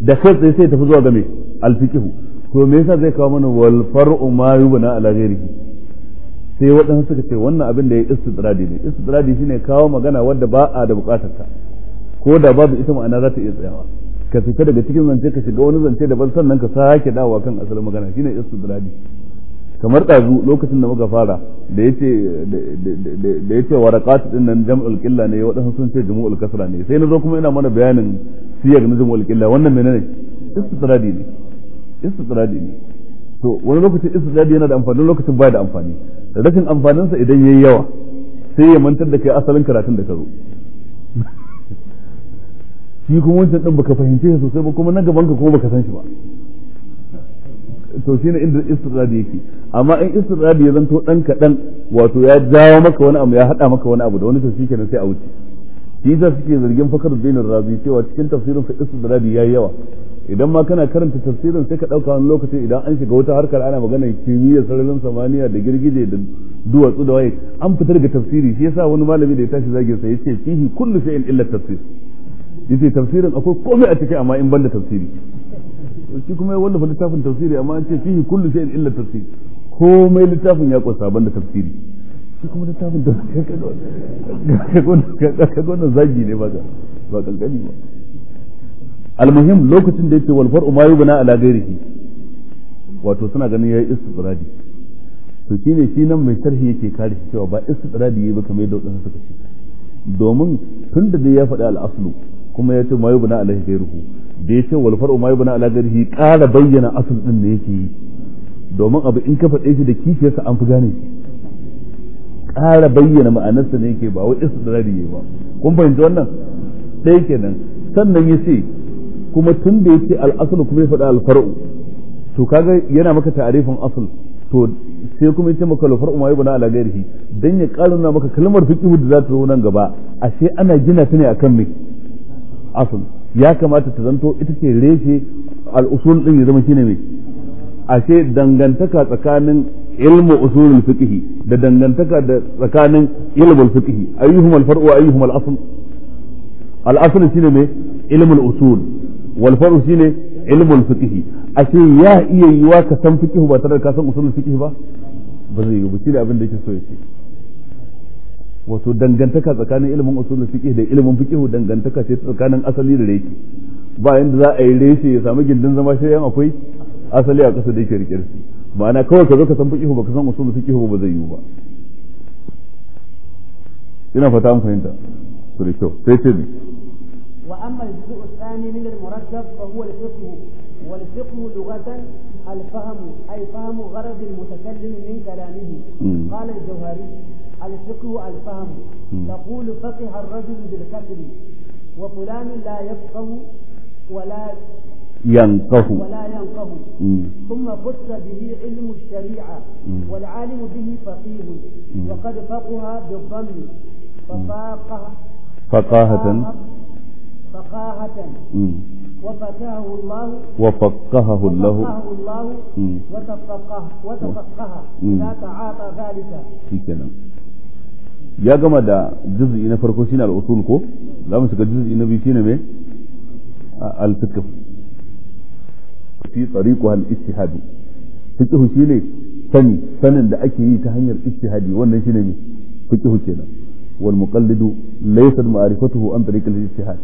da kai sai sai tafi zuwa ga me al-fiqh to me yasa zai kawo mana wal far'u ma yubna ala ghayrihi sai waɗansu suka ce wannan abin da ya istidradi ne istidradi shine kawo magana wadda ba a da bukatar ta ko da babu ita ma'ana za ta iya tsayawa ka fita daga cikin zance ka shiga wani zance da ban sannan ka sake dawowa kan asalin magana shine istidradi kamar ɗazu lokacin da muka fara da ya ce da ya ce warakat din nan jam'ul qilla ne waɗansu sun ce jam'ul kasra ne sai na zo kuma ina mana bayanin siyar na jam'ul qilla wannan menene istitradi ne istitradi ne to wani lokacin istitradi yana da amfani lokacin baya da amfani da rashin amfaninsa idan yayi yawa sai ya mantar da kai asalin karatun da ka zo shi kuma wancan din baka fahimce shi sosai ba kuma na gaban ka kuma baka san shi ba to shine inda istitradi yake amma in istirrabi ya zanto dan kadan wato ya jawo maka wani abu ya hada maka wani abu da wani tafsiri kenan sai a wuce shi yasa suke zargin fakar dinin razi cewa cikin tafsirin sa istirrabi yayi yawa idan ma kana karanta tafsirin sai ka dauka wani lokaci idan an shiga wata harkar ana magana kimiyyar sararin samaniya da girgije da duwatsu da waye an fitar da tafsiri shi yasa wani malami da ya tashi zagin sa yace fihi kullu shay'in illa tafsir yace tafsirin akwai komai a ciki amma in banda tafsiri shi kuma ya wallafa littafin tafsiri amma an ce fihi kullu shay'in illa tafsir komai littafin ya kwa sabon da tafsiri shi kuma littafin da ka gona zagi ne ba ba kankani ba almuhim lokacin da yace walfar far'u ma yubna ala ghairihi wato suna ganin yayi istidradi to shine shi nan mai sharhi yake kare shi cewa ba istidradi yayi ba kamar yadda wadansu suka ce domin tun da dai ya faɗi al kuma ya ce ma yubna ala ghairihi da yace wal far'u ma yubna ala ghairihi ƙara bayyana asl din da yake yi domin abu in ka faɗe shi da kishiyarsa an fi gane shi ƙara bayyana ma'anarsa ne yake ba wai da rariye ba kun fahimci wannan ɗaya kenan sannan ya ce kuma tun da ya ce al'asul kuma ya faɗa alfar'u to kaga yana maka ta'arifin asul to sai kuma ya ce maka alfar'u ma yabna bana ghairihi dan ya nuna maka kalmar fiqh da za ta zo nan gaba ashe ana gina ta ne akan me asul ya kamata ta zanto ita ce reshe al'usul ɗin ya zama ne mai ashe dangantaka tsakanin ilmu usulul fiqh da dangantaka da tsakanin ilmul fiqh ayyuhum al far'u ayyuhum al asl al asl shine ne ilmul usul wal far'u shine ilmul fiqh ashe ya iya yiwa ka san fiqh ba tare da ka san usulul fiqh ba ba zai yiwu shine abin da yake so ya ce wato dangantaka tsakanin ilmin usulul fiqh da ilmin fiqh dangantaka ce tsakanin asali da reshe ba yanda za a yi reshe ya samu gindin zama shi yan akwai asali a ƙasa da yake riƙe su ma'ana kawai ka zo ka san fi ihu ba ka san usulun fi ihu ba zai yiwu ba ina fata an fahimta su da kyau sai ce ne wa amma da su tsani min da murakkab fa huwa da fiqhu wa da fiqhu lugatan al fahmu ay fahmu min kalamihi hmm. qala al jawhari al fiqhu al fahmu hmm. taqul fatiha wa fulani la yafqahu wa ينقه ولا ينقه ثم خص به علم الشريعة والعالم به فقيه وقد فقه بالضم ففاقه فقاهة فقاهة وفقهه الله وفقهه الله وفقهه الله وتفقه وتفقه لا تعاطى ذلك في كلام ya gama da juz'i na farko shine al-usul ko za mu shiga juz'i na biyu shine me al-fiqh fi tsariku hal istihadu fiqhu shine sani sanin da ake yi ta hanyar istihadi wannan shine ne fiqhu kenan wal muqallidu laysa ma'rifatuhu an tariq al istihad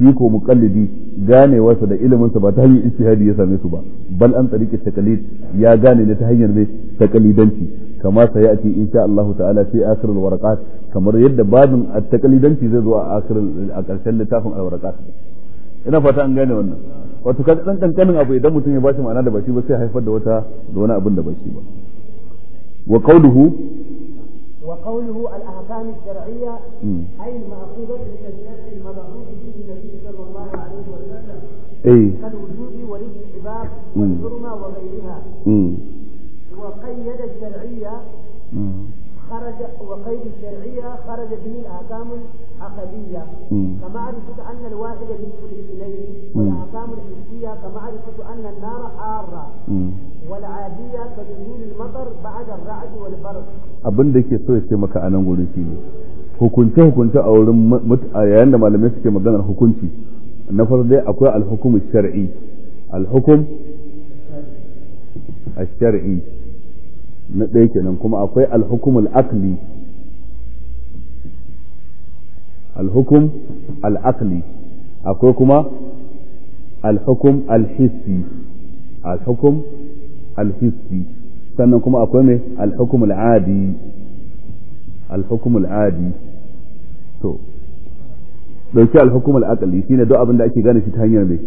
shi ko muqallidi ganewarsa da iliminsa ba ta hanyar istihadi ya same su ba bal an tariq al taqlid ya gane ne ta hanyar ne taqlidanci كما سياتي ان شاء الله تعالى في اخر الورقات كما يد باب التقليدنتي زي زو اخر الكرشن لتافن الورقات ina fata an gane wannan wato ka dan kankanin abu idan mutum ya bashi ma'ana da bashi ba sai haifar da wata da wani abin da bashi ba wa qawluhu wa qawluhu al ahkam al shar'iyya hmm. ay al ma'qudat bi tashri'i al mab'uth bihi nabi sallallahu alaihi wa sallam ay eh. kal wujudi wa al-istibab wa hmm. wa ghayriha hmm. wa qayyada al shar'iyya خرج وقيد الشرعية خرج به الأحكام العقدية كمعرفة أن الواحد يدخل إليه اللام الحسية كمعرفة أن النار حارة والعادية كنزول المطر بعد الرعد والبرد abin da ke so ya ce maka a nan wurin shi ne hukunce hukunce a wurin a yayin da malamai suke maganar hukunci na farko dai akwai alhukum shar'i alhukum shar'i na ɗaya kenan kuma akwai alhukum al-aqli alhukum al'akli akwai kuma alhukum alhissi alhukum alhissi sannan kuma akwai mai alhukum al'adi alhukum al'adi to dauki alhukum al'aqli shine duk abin da ake gane shi ta hanyar mai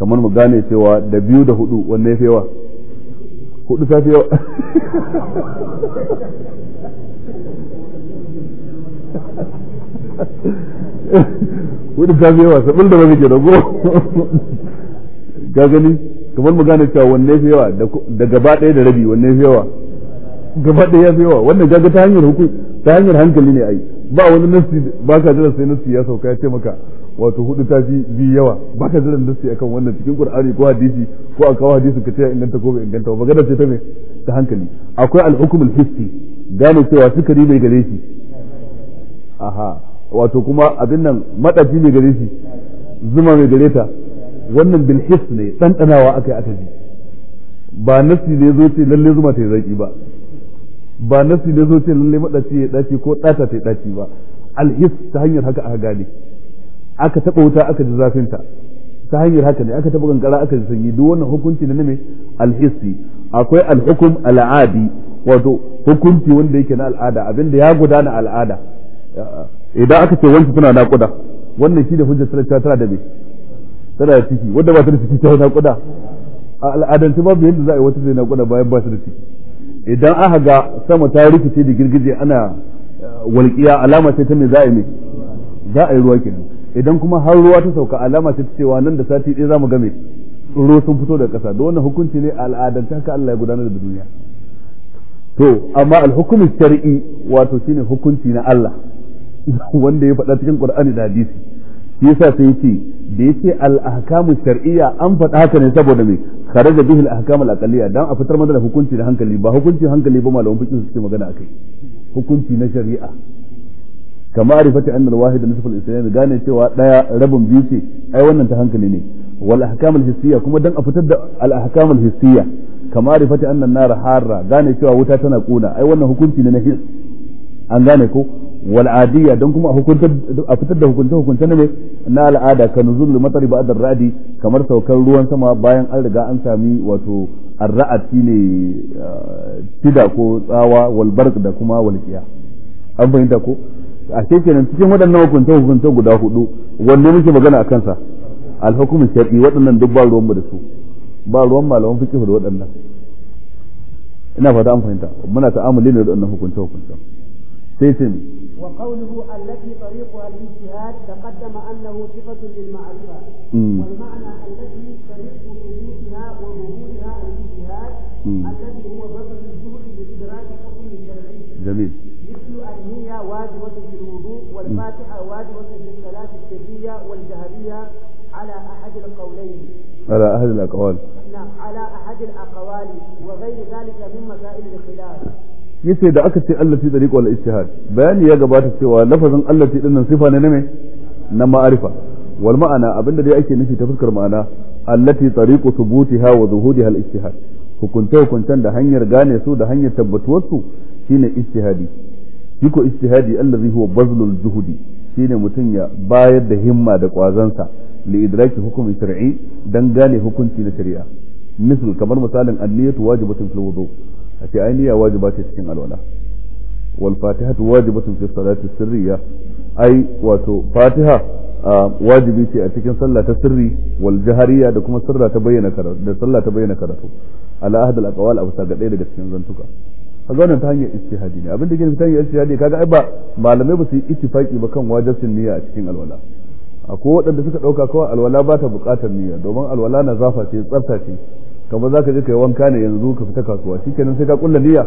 kamar mu gane cewa da biyu da hudu wanne yafi hudu ta fi wani ta biya wasa bin da ba kake rago ka gani kamar mu gane cewa wanne fi yawa da gaba ɗaya da rabi wanne fi yawa gaba ɗaya ya fi yawa wannan kaga ta hanyar hukun ta hanyar hankali ne ai ba wani nasi ba ka jira sai nasi ya sauka ya ce maka wato hudu ta fi biyu yawa ba ka jiran a kan wannan cikin qur'ani ko hadisi ko a kawo hadisi ka ce ya inganta ko bai inganta ba gada ce ta mai ta hankali akwai al-hukm hissi gane cewa sukari bai gare shi aha wato kuma abin nan madafi ne gare shi zuma mai gare ta wannan bilhis ne ɗanɗanawa aka yi aka ji ba nasi ne zo ce lalle zuma ta yi zaƙi ba ba nasi ne zo ce lalle madafi ya ɗaci ko ɗata ta yi ɗaci ba alhis ta hanyar haka aka gane aka taɓa wuta aka ji zafinta ta hanyar haka ne aka taɓa gangara aka ji sanyi duk wannan hukunci ne mai alhissi akwai alhukum al'adi wato hukunci wanda yake na al'ada abinda ya gudana al'ada idan aka ce wancan tana naƙuda wannan shi da hujjar tana tana da me tana da ciki wanda ba ta da ciki ta naƙuda a al'adance babu yadda za a yi wata zai naƙuda bayan ba su da ciki idan aka ga sama ta rikice da girgije ana eh, walƙiya alama ce ta me za a yi me za a yi ruwa kenan idan kuma har ruwa ta sauka alama ce ta cewa nan da sati ɗaya za mu ga me tsoro sun fito daga ƙasa da wannan hukunci ne al'adance haka Allah ya gudanar da duniya to amma alhukumin shari'i shar'i wato shine hukunci na Allah wanda ya faɗa cikin qur'ani da hadisi shi yasa sai yace da yace al ahkamu shar'iyya an faɗa haka ne saboda me kharaja bihi al ahkam al aqliyya dan a fitar mana da hukunci da hankali ba hukunci hankali ba malaman fiqh suke magana akai hukunci na shari'a kama arifati annal wahid nisful islam gane cewa daya rabin biyu ce ai wannan ta hankali ne wal ahkam al hissiyya kuma dan a fitar da al ahkam al hissiyya kama arifati annan nar harra gane cewa wuta tana kuna ai wannan hukunci ne na his an gane ko wal'adiyya don kuma a fitar da hukunce hukunce ne na al'ada ka nuzul matar ba'd radi kamar saukar ruwan sama bayan an riga an sami wato ar-ra'at shine tida ko tsawa wal barq da kuma wal qiya an bayyana ko a kenan cikin waɗannan hukunce hukunce guda hudu wanne muke magana a kansa al-hukm shar'i waɗannan duk ba ruwan mu da su ba ruwan malaman fiqh da waɗannan ina fata an fahimta muna ta'amuli ne da waɗannan hukunce hukunce سيتم وقوله التي طريقها الاجتهاد تقدم انه صفه للمعرفه والمعنى التي طريق ثبوتها وظهورها الاجتهاد الذي هو بطل الجهد لادراك حكم الشرعي جميل مثل النية واجبة في الوضوء والفاتحة واجبة في الصلاة السرية والذهبيه على أحد القولين على أحد الأقوال نعم على أحد الأقوال وغير ذلك من مسائل الخلاف yace da aka ce allati tariq wal ijtihad bayani ya gabata cewa lafazin allati dinnan sifa ne na me na ma'arifa wal ma'ana abinda dai ake nufi ta fuskar ma'ana allati tariqu thubutiha wa zuhudiha al ijtihad hukunta hukuncen da hanyar gane su da hanyar tabbatuwar su shine ijtihadi shi ko ijtihadi allazi huwa bazlul juhudi shine mutum ya bayar da himma da kwazansa li idraki hukumi shar'i dan gane hukunci na shari'a misal kamar misalin an-niyyatu wajibatun fil wudu' a ce ai niyya wajiba ce cikin alwala wal fatihatu wajibatun fi salati sirriya ai wato fatiha wajibi ce a cikin sallah ta sirri wal jahariya da kuma sirra ta bayyana karatu da sallah ta bayyana karatu ala ahad al aqwal abu saga daga cikin zantuka kaga wannan ta hanyar istihadi ne abin da gina ta hanyar istihadi kaga ai ba malamai ba su yi ittifaki ba kan wajibcin niyya a cikin alwala akwai waɗanda suka ɗauka kawai alwala ba ta buƙatar niyya domin alwala na zafa ce tsarta ce kamar za ka je ka yi wanka ne yanzu ka fita kasuwa shi kenan sai ka kulla niyya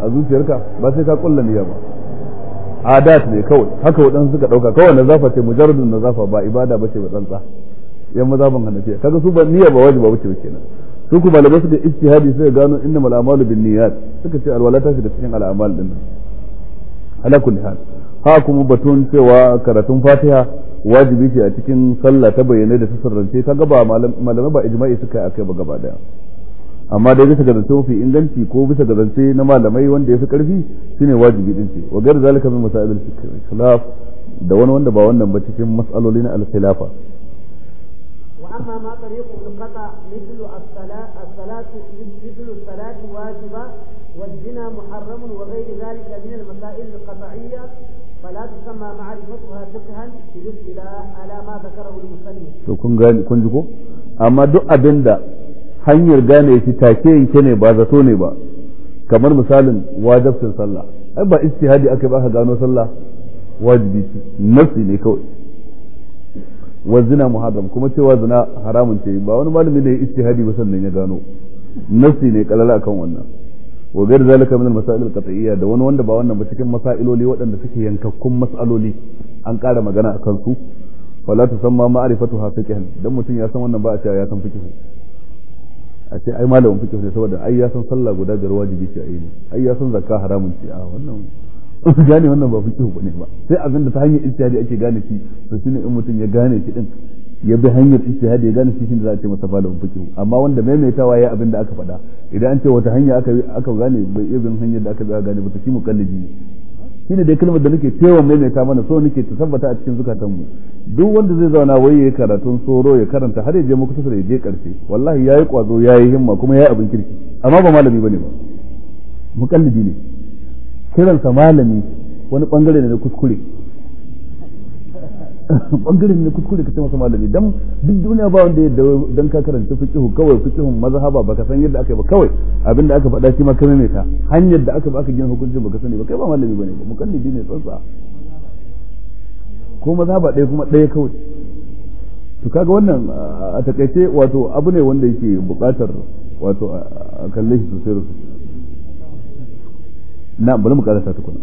a zuciyarka ba sai ka kulla niyya ba adat ne kawai haka waɗansu suka ɗauka kawai nazafa ce mujarradun nazafa ba ibada ba ce ba tsantsa yan mazaban hanafi kaga su ba niyya ba wajiba ba ce ba kenan su kuma malamai suka ijtihadi sai gano inna mal amalu bin niyyat suka ce alwala ta shiga cikin al'amal din nan ala kulli hal ha kuma batun cewa karatun fatiha wajibi ce a cikin sallah ta bayyane da ta rance ka gaba malamai ba ijma'i suka akai ba gaba daya amma dai bisa ga zance mafi inganci ko bisa ga zance na malamai wanda ya fi karfi shine wajibi din ce wa gar zalika min masailul khilaf da wani wanda ba wannan ba cikin mas'aloli na al-khilafa وأما ما طريق القطع مثل الصلاة الصلاة مثل الصلاة واجبة والزنا محرم وغير ذلك من المسائل القطعية فلا تسمى معرفتها فقها بالاصطلاح على ما ذكره المسلم. to kun kun amma duk abin da hanyar gane shi take yanke ne ba zato ne ba kamar misalin wajibcin sallah ai ba istihadi aka ba ka gano sallah wajibi ne kawai wa zina muharram kuma cewa zina haramun ce ba wani malami ne ya ijtihadi ba sannan ya gano nasi ne kalala akan wannan wa gair zalika min al-masail al-qat'iyya da wani wanda ba wannan ba cikin masailoli waɗanda suke yankakkun masaloli an ƙara magana akan su wala tusamma ma'rifatu fiqhan dan mutum ya san wannan ba a cewa ya san fiqh a ce ai malamin fiqh ne saboda ai ya san sallah guda biyar wajibi ce a yi ai ya san zakka haramun ce a wannan in gane wannan ba fiqh bane ba sai abin da ta hanyar ijtihadi ake gane shi to shine in mutum ya gane shi din ya bi hanyar ijtihadi ya gane shi shine za a ce masa malamin fiqh amma wanda maimaitawa ya abin da aka faɗa idan an ce wata hanya aka aka gane bai bin hanyar da aka bi gane ba to shi muqallidi ne shine dai kalmar da nake tewa maimaita mana so nake ta tabbata a cikin zukatan mu duk wanda zai zauna wai ya karatun soro ya karanta har ya je muktasar ya je karshe wallahi yayi kwazo yayi himma kuma yayi abin kirki amma ba malami bane ba muqallidi ne kiransa malami wani bangare ne na kuskure bangare ne na kuskure ka ce masa malami dan duk duniya ba wanda yadda dan ka karanta fiqhu kawai fiqhun mazhaba baka san yadda aka yi ba kawai abinda aka faɗa shi ma ka ta hanyar da aka ba aka gina hukuncin baka sani ba kai ba malami bane ba mukallidi ne tsantsa ko mazhaba ɗaya kuma ɗaya kawai to kaga wannan a takaice wato abu ne wanda yake buƙatar wato a kalle shi sosai da sosai na bari mu karanta tukuna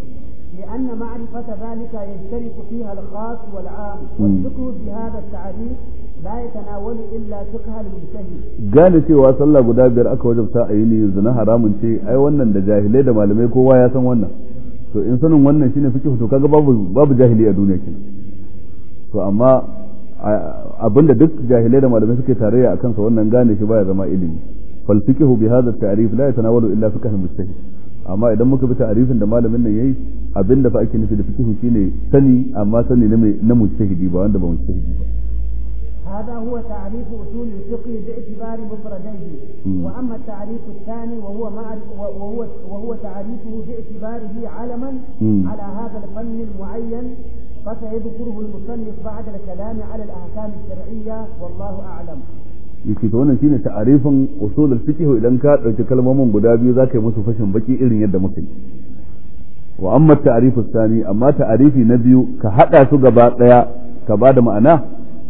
لأن معرفة ذلك يشترك فيها الخاص والعام والفقه في هذا التعريف لا يتناول إلا فقه المجتهد قال cewa sallah guda biyar aka wajabta a yi ne zina haramun ce ai wannan da jahilai da malamai kowa ya san wannan to in sanin wannan shine fiqh to kaga babu jahili a duniya kenan to amma abinda duk jahilai da malamai suke tarayya akan sa wannan gane shi baya zama ilimi fal fiqh bi hadha at-ta'rif illa amma idan muka bi ta'arifin da malamin nan yayi abinda fa ake nufi da fiqh shine sani amma sani na na mujtahidi ba wanda ba mujtahidi ba هذا هو تعريف أصول الفقه باعتبار مفرديه وأما التعريف الثاني وهو معرف وهو وهو تعريفه باعتباره علما على هذا الفن المعين فسيذكره المصنف بعد الكلام على الأحكام الشرعية والله أعلم yake to wannan shine ta'arifin usulul fiqh idan ka dauki kalmomin guda biyu zaka yi musu fashin baki irin yadda muka yi wa amma ta'arifu amma ta'arifi na biyu ka hada su gaba daya ka bada ma'ana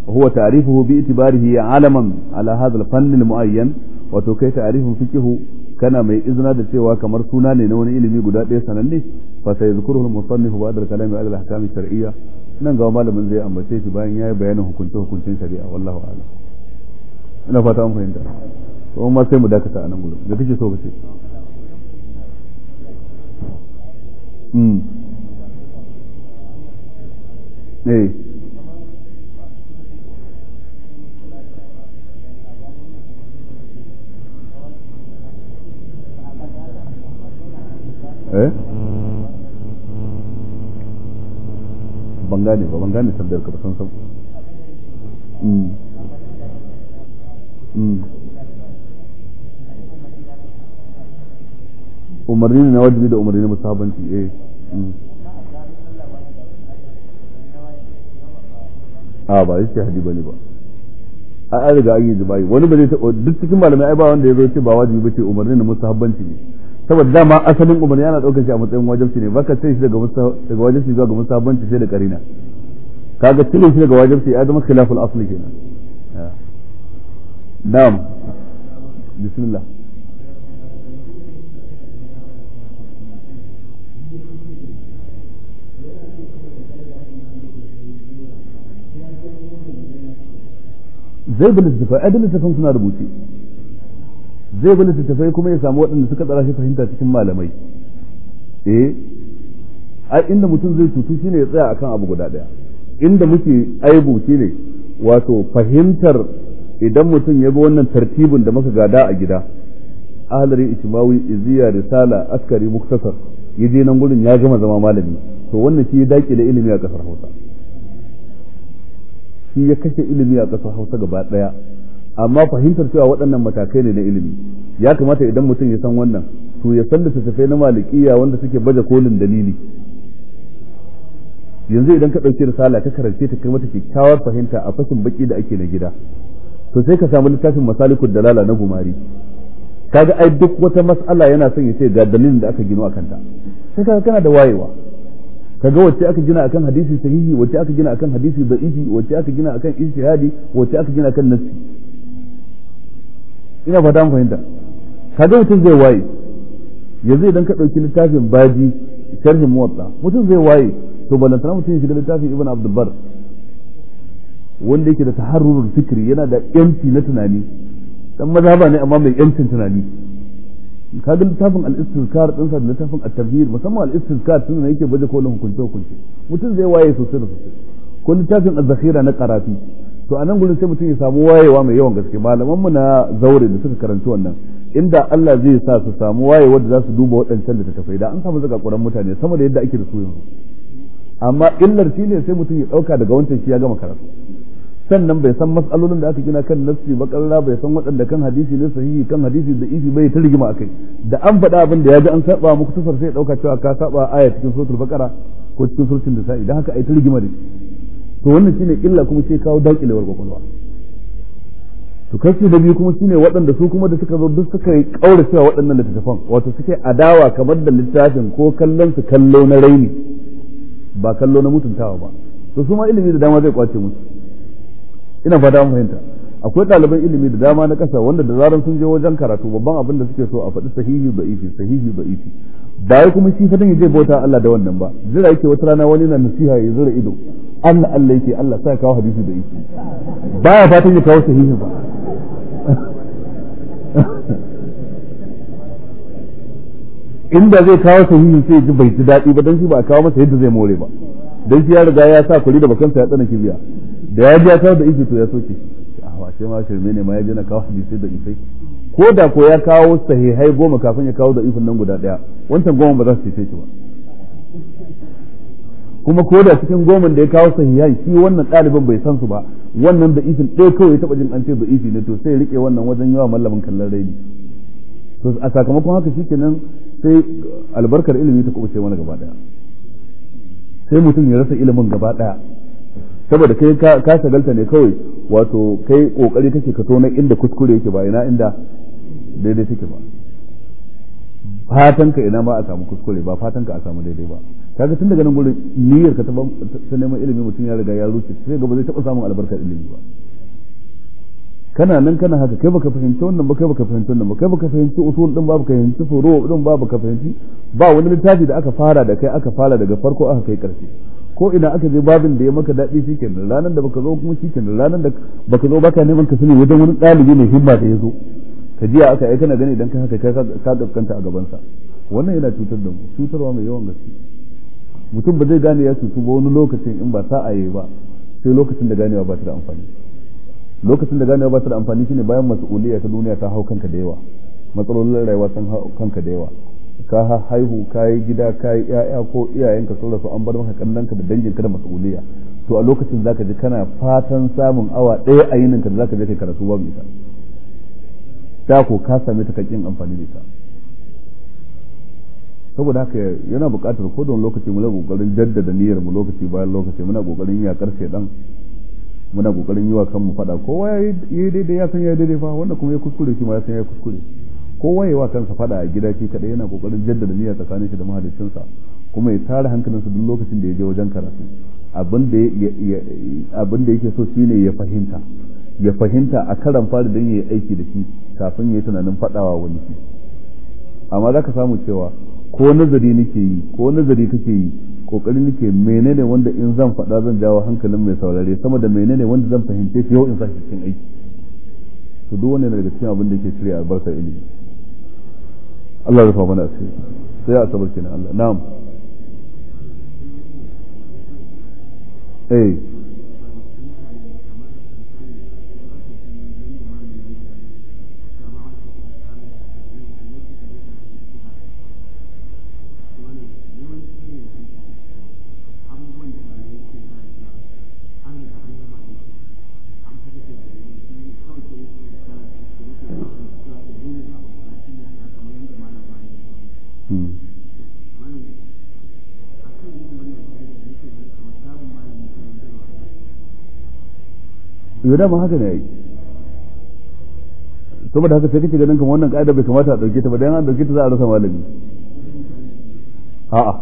huwa ta'arifuhu bi itibarihi alaman ala hadha al-fann al-mu'ayyan wato kai ta'arifin fiqh kana mai izina da cewa kamar suna ne na wani ilimi guda daya sananne fa sayadhkuruhu al-musannifu ba'da kalami ala al-ahkam al-shar'iyya nan ga malamin zai ambace shi bayan yayi bayanin hukunce hukuncin shari'a wallahu a'lam ina fata an fahimta kuma amma sai mu dakata a nan gudu da kake so ka ce mm eh eh ban gane ba ban gane tambayar ka ba san san hmm. umarni na wajibi da umarni na musabanci eh a ba yake hadi bane ba a an riga an yi jima'i wani ba zai taɓa duk cikin malamai ai ba wanda ya zo ce ba wajibi ba ce umarni na musahabbanci ne saboda dama asalin umarni ana ɗaukar shi a matsayin wajibci ne baka cire shi daga daga wajibci zuwa ga musahabbanci sai da karina kaga cire shi daga wajibci ya zama khilaful asli kenan بسم الله zai bi littattafai ai littattafan suna rubuce zai bi littattafai kuma ya samu waɗanda suka tsara shi fahimta cikin malamai eh ai inda mutum zai tutu shine ya tsaya akan abu guda daya inda muke aibu shine wato fahimtar idan mutum ya bi wannan tartibin da muka gada a gida ahlari ishmawi iziya risala askari muktasar ya je nan gurin ya gama zama malami to wannan shi ya dake da ilimi a kasar hausa shi ya kashe ilimi a kasar hausa gaba daya amma fahimtar cewa waɗannan matakai ne na ilimi ya kamata idan mutum ya san wannan to ya san tafai na malikiya wanda suke baje kolin dalili yanzu idan ka ɗauki risala ka karance ta kai mata kyakkyawar fahimta a fashin baki da ake na gida to sai ka samu littafin masalikul dalala na gumari kaga ai duk wata mas'ala yana son ya ce ga dalilin da aka gino akan ta sai kaga kana da wayewa kaga wacce aka gina akan hadisi sahihi wacce aka gina akan hadisi da'ifi wacce aka gina akan ijtihadi wacce aka gina akan nassi ina fata mun fahimta kaga mutum zai waye yanzu idan ka dauki littafin baji sharhin muwatta mutum zai waye to balantana mutum ya shiga littafin ibn abdul bar wanda yake da taharrurul fikri yana da yanci na tunani dan mazhaba ne amma mai yancin tunani kaga littafin al-istizkar din sa da littafin at-tabhir musamman al-istizkar tun ne yake baje kolin hukunce hukunce mutum zai waye sosai da sosai ko littafin az-zakhira na qarafi to anan gurin sai mutum ya samu wayewa mai yawan gaske malaman mu na zaure da suka karanci wannan inda Allah zai sa su samu wayewa da za su duba waɗancan da ta tafai da an samu zaka ƙuran mutane sama da yadda ake da su yanzu amma illar shi ne sai mutum ya ɗauka daga wancan shi ya gama karatu sannan bai san matsalolin da aka gina kan nafsi ba kalla bai san waɗanda kan hadisi ne sahihi kan hadisi da ifi bai ta rigima akai da an faɗa abin da ya ga an saba muku tasar sai ɗauka cewa ka saba aya cikin suratul baqara ko cikin suratul nisa idan haka ai ta rigima da to wannan shine illa kuma sai kawo dakilewar kwakwalwa to kashi da biyu kuma shine waɗanda su kuma da suka zo duk suka yi kaura cewa waɗannan littattafan wato suke adawa kamar da littafin ko kallon su kallo na raini ba kallo na mutuntawa ba to su ma ilimi da dama zai kwace musu ina fata an fahimta akwai ɗaliban ilimi da dama na ƙasa wanda da zaran sun je wajen karatu babban abin da suke so a faɗi sahihi ba ifi sahihi ba ifi ba yi kuma shi fatan zai bauta Allah da wannan ba jira yake wata rana wani na nasiha ya zura ido Allah Allah yake Allah sai kawo hadisi da ifi baya fatan ya kawo sahihi ba inda zai kawo sahihi sai ji bai ji daɗi ba don shi ba a kawo masa yadda zai more ba don shi ya riga ya sa kuri da bakansa ya tsana kibiya da ya ja ya da ifi to ya soke a washe ma shirme ne ma ya jina na kawo hadisai da isai ko da ko ya kawo sahihai goma kafin ya kawo da ifin nan guda daya wancan goma ba za su ce ce ba kuma ko da cikin goma da ya kawo sahihai shi wannan ɗaliban bai san su ba wannan da ifin ɗaya kawai ya taɓa jin an ce da ifi ne to sai rike riƙe wannan wajen yawa mallamin kallon raini to a sakamakon haka shikenan sai albarkar ilimi ta kubuce mana gaba daya sai mutum ya rasa ilimin gaba daya saboda kai ka shagalta ne kawai wato kai kokari kake ka tona inda kuskure yake ba ina inda daidai take ba fatanka ina ba a samu kuskure ba fatanka a samu daidai ba kaga tun daga nan gurin niyyar ka ta neman ilimi mutum ya riga ya rushe sai gaba zai taba samun albarkar ilimi ba kana nan kana haka kai baka fahimci wannan ba kai baka fahimci wannan ba kai baka fahimci usul din ba baka fahimci furu din ba baka fahimci ba wani littafi da aka fara da kai aka fara daga farko aka kai karshe ko ina aka je babin da ya maka daɗi shi nan ranar da baka zo kuma shi nan ranar da baka zo baka neman ka sani wajen wani ɗalibi mai himma da ya zo ka jiya aka yi kana gani idan ka haka ka gaskanta a gabansa wannan yana cutar da mu cutarwa mai yawan gaske mutum ba zai gane ya cutu ba wani lokacin in ba sa'a yi ba sai lokacin da ganewa ba ta da amfani lokacin da ganewa ba ta da amfani shine bayan mas'uliyya ta duniya ta hau kanka da yawa matsalolin rayuwa sun hau kanka da yawa ka haihu ka yi gida ka yi ya'ya ko iyayenka sun rasu an bar maka ka da ka da mas'uliyya to a lokacin zaka ji kana fatan samun awa ɗaya a yininka da zaka je kai karatu babu ita da ko ka same ta kakin amfani da ita saboda haka yana buƙatar ko don lokaci muna ƙoƙarin jaddada niyyar mu lokaci bayan lokaci muna kokarin yakar ɗan muna kokarin yi wa kanmu fada kowa ya yi daidai ya san ya yi daidai fa wanda kuma ya kuskure shi ma ya san ya kuskure kowa ya wa kansa fada a gida shi kadai yana kokarin jaddada niyya tsakanin shi da mahaliccinsa kuma ya tara hankalinsa duk lokacin da ya je wajen karatu abin da yake so shine ya fahimta ya fahimta a karan fari don ya yi aiki da shi kafin ya yi tunanin fadawa wani shi amma za ka samu cewa ko nazari nake yi ko nazari kake yi kokari nake menene wanda in zan fada zan jawo hankalin mai saurare sama da menene wanda zan fahimce shi yau in sa cikin aiki to duk wannan daga cikin abin da yake shirya albarkar ilimi Allah rufa mana asiri sai asabar kenan Allah na'am eh yau dama haka ne yayi saboda haka sai kake ganin kamar wannan ka'ida bai kamata a dauke ta ba dan an dauke ta za a rasa malami a'a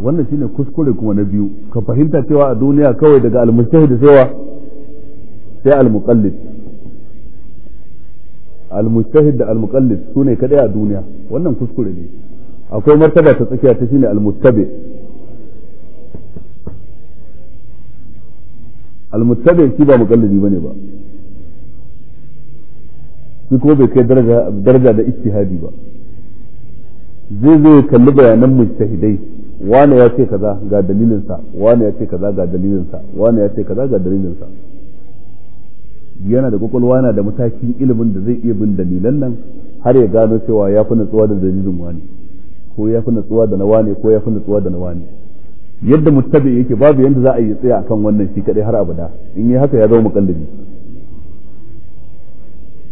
wannan shine kuskure kuma na biyu ka fahimta cewa a duniya kawai daga almustahid da cewa sai almuqallid almustahid da almuqallid sune kadai a duniya wannan kuskure ne akwai martaba ta tsakiya ta shine almustabi almuttabi shi ba muqallidi bane ba shi ko bai kai daraja daraja da ijtihadi ba zai zo ya kalli bayanan mujtahidai wani ya ce kaza ga dalilin sa wani ya ce kaza ga dalilin sa wani ya ce kaza ga dalilin sa yana da kokolwa yana da matakin ilimin da zai iya bin dalilan nan har ya gano cewa ya fi natsuwa da dalilin wani ko ya fi natsuwa da na wani ko ya fi natsuwa da na wani yadda mutabi yake babu yadda za a yi tsaya akan wannan shi kadai har abada in yi haka ya zama mukallabi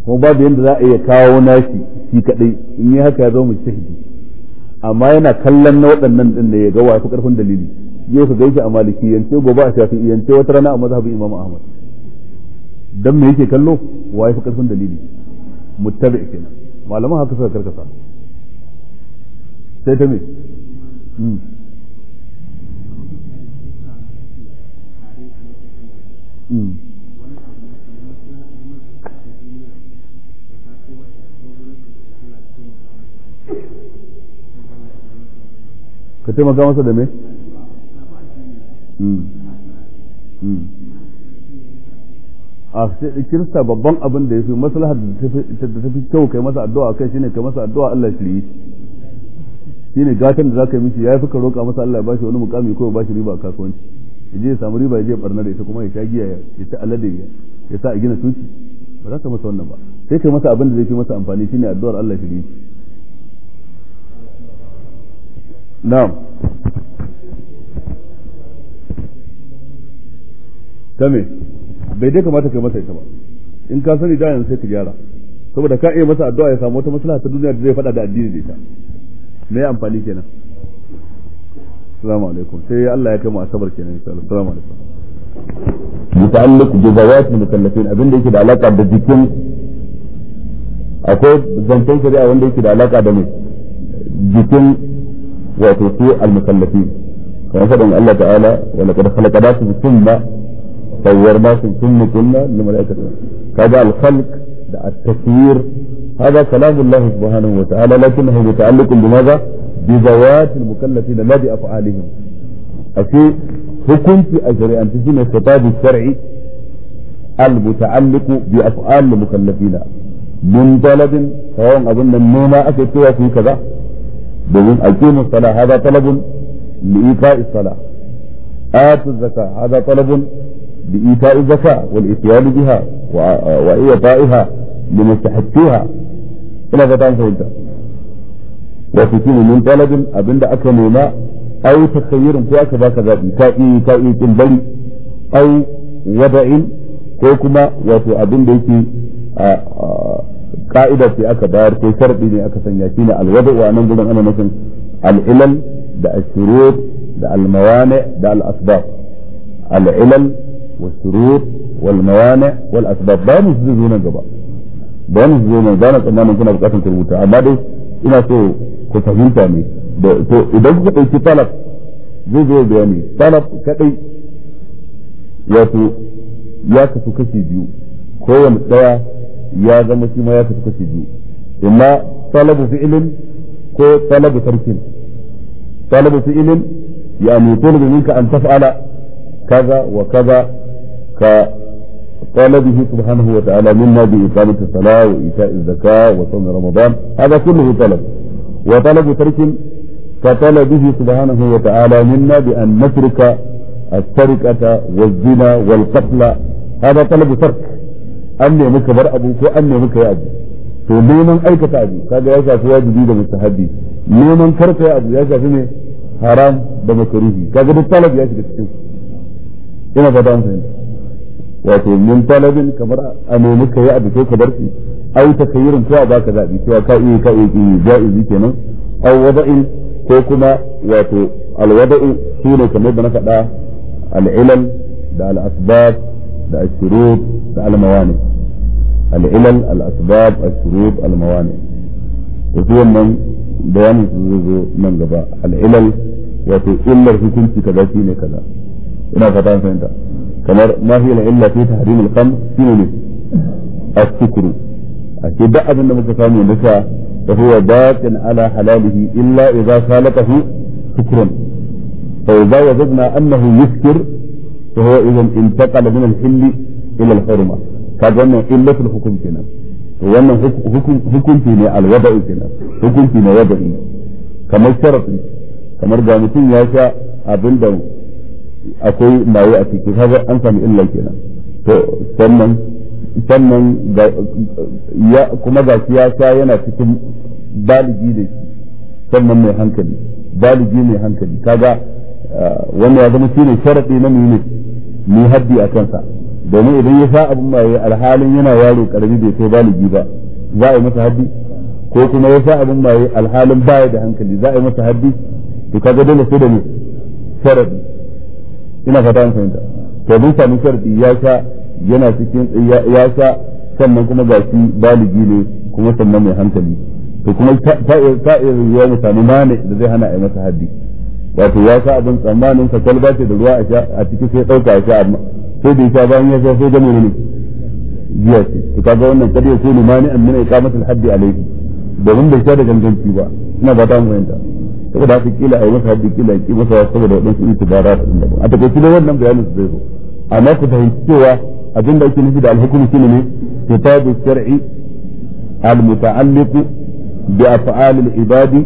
kuma babu yadda za a iya kawo nashi shi kadai in yi haka ya zama mujtahidi amma yana kallon na waɗannan din da ya ga wa fi karfin dalili yau ka gaishe a maliki yance gobe a shafi yance wata rana a mazhabin imam ahmad dan me yake kallo wa fi karfin dalili muttabi kenan malaman haka suka karkasa sai ta me hmm. ka taimaka masa da me? Hmm. Hmm. a kirista babban abin da ya fi maslaha da ta fi kyau kai masa addu'a kai shine kai masa addu'a Allah shi yi shine gatan da zaka yi mishi yafi ka roƙa masa Allah ya bashi wani mukami ko ya bashi riba kasuwanci je ya samu riba ya je barna da ita kuma ya sha giya ya ta alade ya sa a gina tuki ba za ka masa wannan ba sai kai masa abin da zai fi masa amfani shine addu'ar Allah shi ne na'am kame bai dai kamata kai masa ita ba in ka sani da yanzu sai ka gyara saboda ka iya masa addu'a ya samu wata maslaha ta duniya da zai faɗa da addini da ita me amfani kenan السلام عليكم سي الله يكرم اصبر كده ان شاء الله السلام عليكم متعلق بزواج المكلفين ابن ليك بعلاقه بالدكين اكو زنتين كده وين ليك بعلاقه بالدكين دكين وتوتي المكلفين فنسب ان الله تعالى ولقد خلق ناس ثم طور ناس ثم كنا لملائكه هذا الخلق التكوير هذا كلام الله سبحانه وتعالى لكنه متعلق بماذا؟ بذوات المكلفين لا بافعالهم حكم في اجري ان تجينا الخطاب الشرعي المتعلق بافعال المكلفين من طلب سواء اظن ما اكتوى في كذا بدون اقيم الصلاه هذا طلب لايفاء الصلاه آت الزكاة هذا طلب لإيتاء الزكاة والإتيان بها وإيطائها لمستحقيها إلى فتان سيدنا وفي من بلد أبن دا أكا نيما أو تخير في أكبر باكا ذاتي تائي تائي تنبلي أو وضع كوكما وفي أبن ديكي آه، آه، قائدة في أكبر في كي شرق بني أكا الوضع وأنا نقول أنا مثلا العلل دا الشروط دا الموانع دا الأسباب العلل والشروط والموانع والأسباب بان الزيزونا جبا بان الزيزونا جبا بان الزيزونا جبا بان الزيزونا جبا بان الزيزونا جبا ku fahimta ne da to idan ku dauki talab zai zo bayani talab kadai wato ya kasu kashi biyu kowane ɗaya ya zama shi ma ya kasu kashi biyu amma talabu fi'ilin ko talabu tarkin talabu ya ne talabu fi'ilin an taf'ala kaza wa kaza ka قال به سبحانه وتعالى مما بإقامة الصلاة وإيتاء الزكاة وصوم رمضان هذا كله طلب وطلب ترك به سبحانه وتعالى منا بأن نترك السرقة والزنا والقتل هذا طلب ترك أني يمك بر أبو كو أني يمك يا أبو تو نيمان أيك تأبو كاد يا شاك يا جديد مستحبي نيمان كرك يا أبو يا شاك يا حرام بمكريه كاد الطلب يا شاك يا إنا فتان سيد وطلب من طلب كبر أني يمك يا أبو كو كبرتي أو تخير سواء ذاك ذاك سواء كائي كائي جائز كنن أو وضع كوكما واتو الوضع حين كما بنفع دا العلل دا الأسباب دا الشروط دا الموانع العلل الأسباب الشروط الموانع وفي من بيان من قبا العلل واتو إلا الحكم كذا شين كذا هنا فتان فانتا كما ما هي العلة في تحريم القمر في السكر ake duk abin da muka samu nisa da huwa baqin ala halalihi illa idza salatahu shukran fa idza wajadna annahu yuskir fa huwa idan intaqala min al hilli ila al-hurma kaga wannan illatul hukm kenan to wannan hukunci ne al-wada'i kenan hukunci ne wada'i kamar sharafi kamar ga mutum ya sha abin da akwai mai a cikin kaga an samu illa kenan to sannan sannan kuma ga ya sha yana cikin baligi da shi sannan mai hankali baligi mai hankali kaga ah, wanda ya zama shi ne sharaɗi na mu ne haddi a kansa domin idan ya sa abin maye alhalin yana yaro karami bai kai baligi ba za a yi masa haddi ko kuma ya sa abin maye alhalin baya da hankali za a yi masa haddi to kaga dole sai da ne sharaɗi ina fata an fahimta to bin sami sharaɗi ya sa. yana cikin ya sha sannan kuma ga shi baligi ne kuma sannan mai hankali to kuma ta iya yiwuwa mu sami mane da zai hana a yi masa haddi wato ya sha abin tsammanin sa kwalba ce da ruwa a ciki sai ɗauka a sha amma sai da ya sha bayan ya sha sai da ne jiya ce to kaga wannan kada ya so ni mani an mina iqamatul haddi alaihi domin bai sha da ganganci ba ina ba ta mu fahimta saboda haka kila a yi masa haddi kila ya ki masa saboda waɗansu itibara da daban a takaice da wannan bayanin su zai zo amma ku fahimci cewa abinda ake nufi da alhukumu shine ne kitabu shar'i المتعلق بأفعال العباد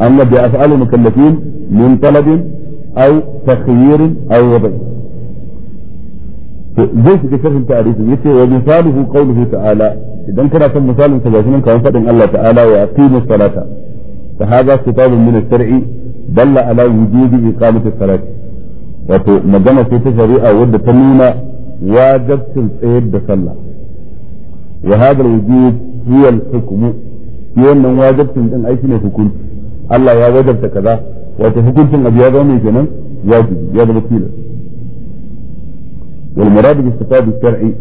أما بأفعال المكلفين من طلب أو تخيير أو وضع زي في شرح التعريف يتي ومثاله قوله تعالى إذا كان في مثال سجاسين كما الله تعالى وأقيم الصلاة فهذا خطاب من الشرع دل على وجود إقامة الصلاة وفي مجمع في شريعة ود تنونا واجبتم تسير بسلة وهذا الوجود هي الحكم يوم أن واجبتم أن أي شيء حكم الله يا وجبت كذا وتحكمتم أبي هذا من جنة واجب يا بطيلة والمراد بالخطاب الشرعي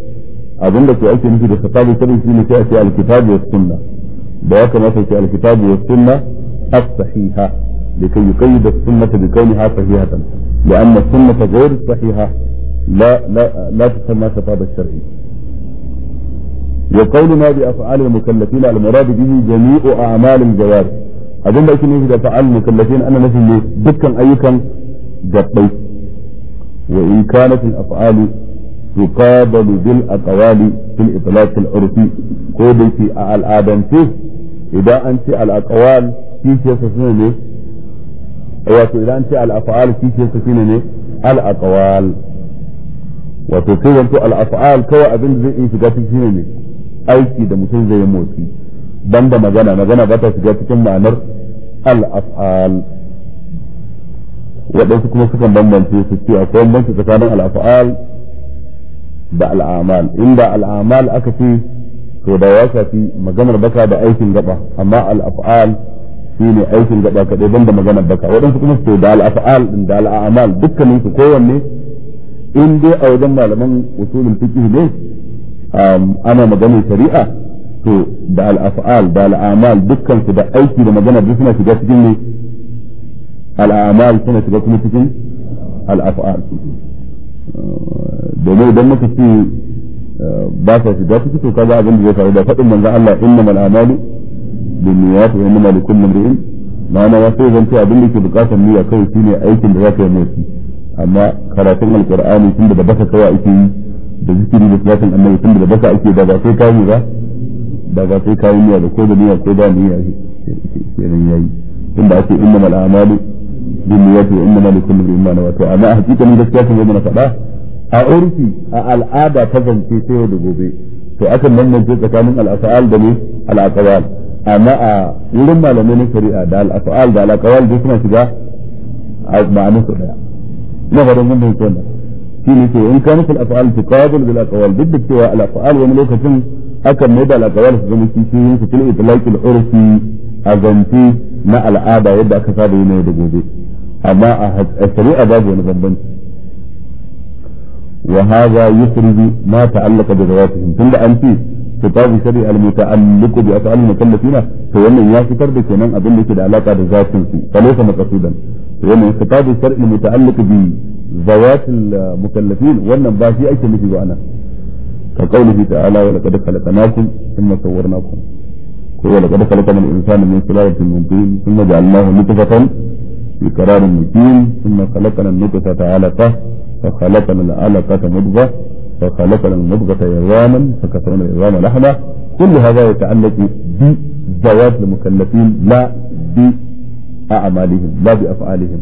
أظن لك أيضا في الخطاب الشرعي في نشأة الكتاب والسنة بياك ما في الكتاب والسنة الصحيحة لكي يقيد السنة بكونها صحيحة لأن السنة غير صحيحة لا لا لا تسمى كتابة الشرعي وقولنا بأفعال المكلفين المراد به جميع أعمال الجوارح أظن ده يكون da المكلفين أنا نفي ne dukkan ayyukan gabbai وإن كانت الأفعال تقابل بالأقوال في الإطلاق العرفي قولي في الآدم فيه إذا أنت الأقوال في شيخ سفينة wato idan ce al'afa'al shi ke safina ne al'aqwal wato sai zanto al'afa'al kawai abin da zai iya shiga cikin shi ne aiki da mutum zai yi motsi ban da magana magana ba ta shiga cikin ma'anar al'afa'al. waɗansu kuma sukan bambance su ce akwai bambanci tsakanin al'afa'al da al'amal inda al'amal aka ce to da ya shafi maganar baka da aikin gaba amma al'afa'al al'af'al shine aikin gaba ban da maganar baka waɗansu kuma su da al'afa'al da al'amal dukkaninsu kowanne in dai a wajen malaman usulul fiqh ne ana magana shari'a to da al-af'al da al-amal dukkan su da aiki da magana duk suna shiga cikin ne al-amal suna shiga kuma cikin al-af'al da domin idan muka ce ba sa shiga cikin to kaga abin da zai faru da faɗin manzon Allah innamal a'malu binniyat wa innamal likulli imrin ma'ana wasu zan ce abin da ke bukatar niyya kai shine aikin da zaka yi ne amma karatun alqur'ani tunda da baka kawai ake yi da zikiri da salatin annabi tunda da baka ake da ba sai kayi ba da ba sai kayi niyya da ko da niyya ko da niyya kenan yayi tunda ake innamal a'malu binniyati wa innamal likulli imrin ma nawa to amma hakikanin gaskiya kuma mana faɗa a urfi a al'ada ta zance sai da gobe to akan bambance tsakanin al'afa'al da ne al'aqwal amma a wurin malamai na shari'a da al'afa'al da al'aqwal duk suna shiga a ma'anar su daya نظر من يكون في نفسه إن كانت الأفعال تقابل بالأقوال ضد سوى الأفعال وملوكة أكم مدى الأقوال في زمن السيسيين في إطلاق العرف أغنتي مع العادة يبدأ كفابه ما يدقون أما أحد السريع أباب ونظر وهذا يخرج ما تعلق بذواتهم ثم أنت كتاب شريع المتعلق بأفعال المكلفين فهو من يأتي كربك من أبنك لعلاقة بذاتهم فليس مقصودا wannan khitabu shar'i muta'alliq bi zawat al-mukallafin wannan ba shi ake nufi ba ana ka qaulihi ta'ala wa laqad khalaqnakum thumma sawwarnakum ko wa laqad khalaqna al-insana min sulalatin min tin thumma ja'alnahu nutfatan fi qararin mukin thumma khalaqna an-nutfata 'alaqah fa khalaqna al-'alaqata mudghah fa khalaqna al-mudghata idhaman fa kasarna al-idhama lahma كل هذا يتعلق بذوات المكلفين لا ب أعمالهم لا بأفعالهم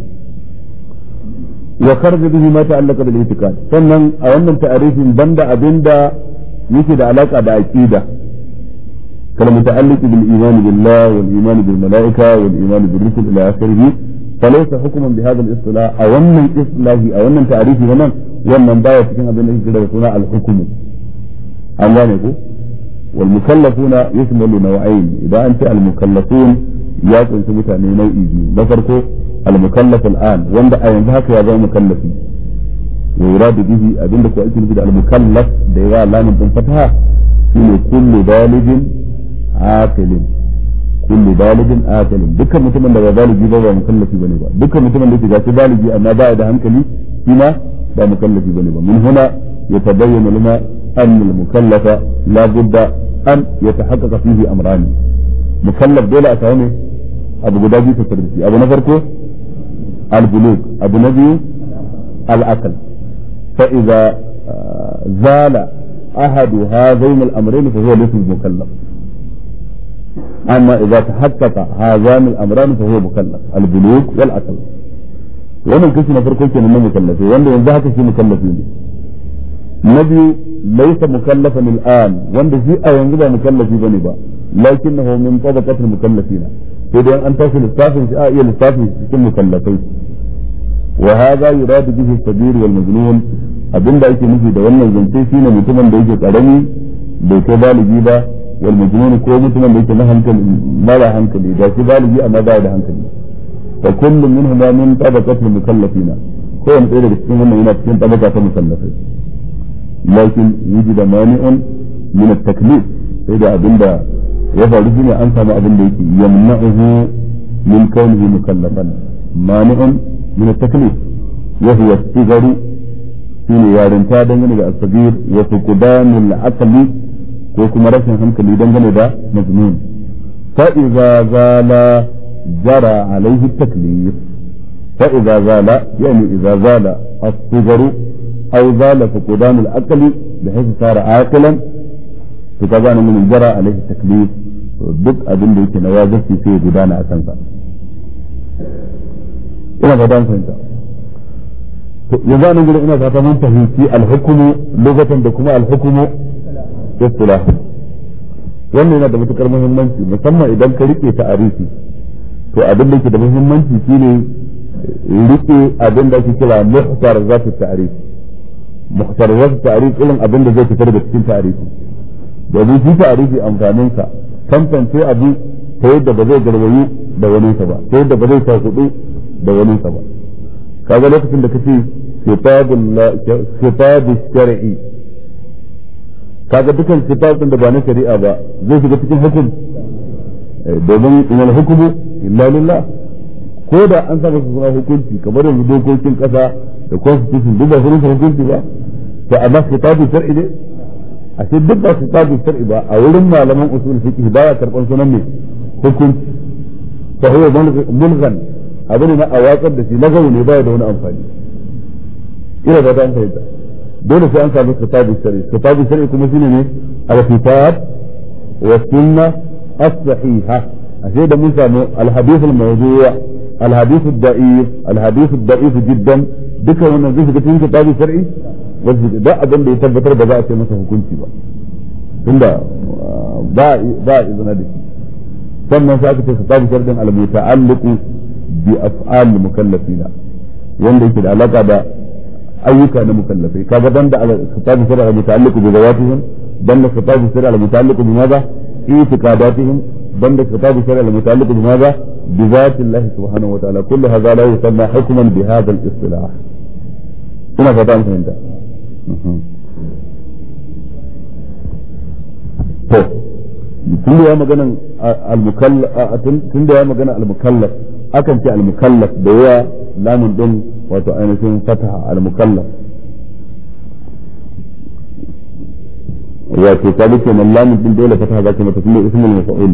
وخرج به ما تعلق بالاعتقاد sannan a wannan ta'arifin banda abinda yake da alaka da aqida kal muta'alliq bil iman billah wal iman bil malaika wal iman bil rusul ila akhirih falaysa hukman bi hadha al istilah a wannan istilahi a wannan ta'arifi wannan wannan baya cikin abin da yake da suna al hukm an gane ko wal mukallafuna yashmalu naw'ain idan anta al mukallafun ya kunshi mutane nau'i biyu na farko al-mukallaf al-an wanda a yanzu haka ya zama mukallafi wa yuradu bihi abinda ko ake nufi da al-mukallaf da yawa lamin din fataha shine kullu baligin aqilin kullu baligin aqilin dukkan mutumin da ba baligi ba ba mukallafi bane ba dukkan mutumin da yake gashi baligi amma ba da hankali shi ma ba mukallafi bane ba min huna yatabayyana lana أن المكلف لا بد أن يتحقق فيه أمران mukallaf dole a samu abu guda biyu tattare da shi abu na farko al-bulug abu na biyu al-akal fa idza zala ahadu hadhain al-amrayn fa huwa laysa mukallaf amma idza tahaqqaqa hadhain al-amrayn fa huwa mukallaf al-bulug wal-akal wannan kashi na farko kenan na mukallafi wanda yanzu haka shi mukallafi ne na biyu laysa mukallafan al-an wanda shi a yanzu ba mukallafi bane ba لكنه من طبقة المكلفين إذا أن تصل الصافي في آية الصافي في كل مكلفين وهذا يراد به الكبير والمجنون أبن بأيك نجي دولنا فينا ومتمن بأيك قرمي بكبال جيبا والمجنون كوب ثم ليس لها هنكل ما لا هنكل إذا كبال جيء ما بعد هنكل فكل منهما من طبقة المكلفين كون إلى بسكين هم هنا بسكين طبقة المكلفين لكن يجد مانع من التكليف إذا أبن بأيك ya faru shine an samu abin da yake yamna'uhu min kaunihi mukallafan mani'un min at-taklif wa huwa as-sigaru shine yarinta dangane da asabir wa fuqdanul aqli ko kuma rashin hankali dangane da majnun fa idza zala jara alaihi taklif fa idza zala yani idza zala as-sigaru aw zala fuqdanul aqli bihayth sara aqilan to kaga nan mun jara alaihi taklif duk abin da yake na wajibi sai ya gudana a kansa ina ga dan fahimta to yanzu nan gurin ina fata mun fahimci al'hukumu hukmu lokacin da kuma al-hukmu istilah wannan yana da matukar muhimmanci musamman idan ka rike ta'arifi to abin da yake da muhimmanci shine rike abin da ake kira muhtarazat ta'arif muhtarazat ta'arif irin abin da zai fitar da cikin ta'arifi domin shi ta'arifi amfaninsa tantance abu ta yadda ba zai garwayi da wani sa ba ta yadda ba zai takudu da wani sa ba kaga lokacin da kace sifadu shar'i kaga dukan sifadun da ba na shari'a ba zai shiga cikin hukum eh, domin inal hukumu illa lillah ko da an saka su suna hukunci kamar yanzu dokokin kasa da constitution duk ba su hukunci ba to amma khitabul shar'i ne ashe duk ba su tsabi shar'i ba a wurin malaman usul fiqh baya karban sunan ne hukunci fa huwa mulghan abin na a watsar da shi lagawo ne baya da wani amfani ina ba dan an fahimta dole sai an samu kitabu shar'i kitabu shar'i kuma shine ne al-kitab wa sunna as-sahiha ashe da mun samu al-hadith al mawdua al-hadith al daif al-hadith al daif jiddan duka wannan zai shiga cikin kitabu shar'i wajibi ba abin da ya tabbatar da za a ce masa hukunci ba tunda ba ba izina da shi sannan sai aka ce sabu sharadin al-muta'alliqu bi af'al mukallafina wanda yake da alaka da ayyuka na mukallafai kaga dan da sabu sharadin al-muta'alliqu bi zawatihim dan da sabu sharadin al-muta'alliqu bi madha i'tiqadatihim dan da sabu sharadin al-muta'alliqu bi madha bi zati Allah subhanahu wa ta'ala kullu hadha la yusamma hukman bi hadha al-istilah ina fata mun fahimta to tun da ya magana tun da ya magana al-mukallaf akan ce al-mukallaf da yawa lamun din wato ainihin fataha al-mukallaf wato ta bi kenan lamun din dole fataha zaki mata kuma ismul mafa'ul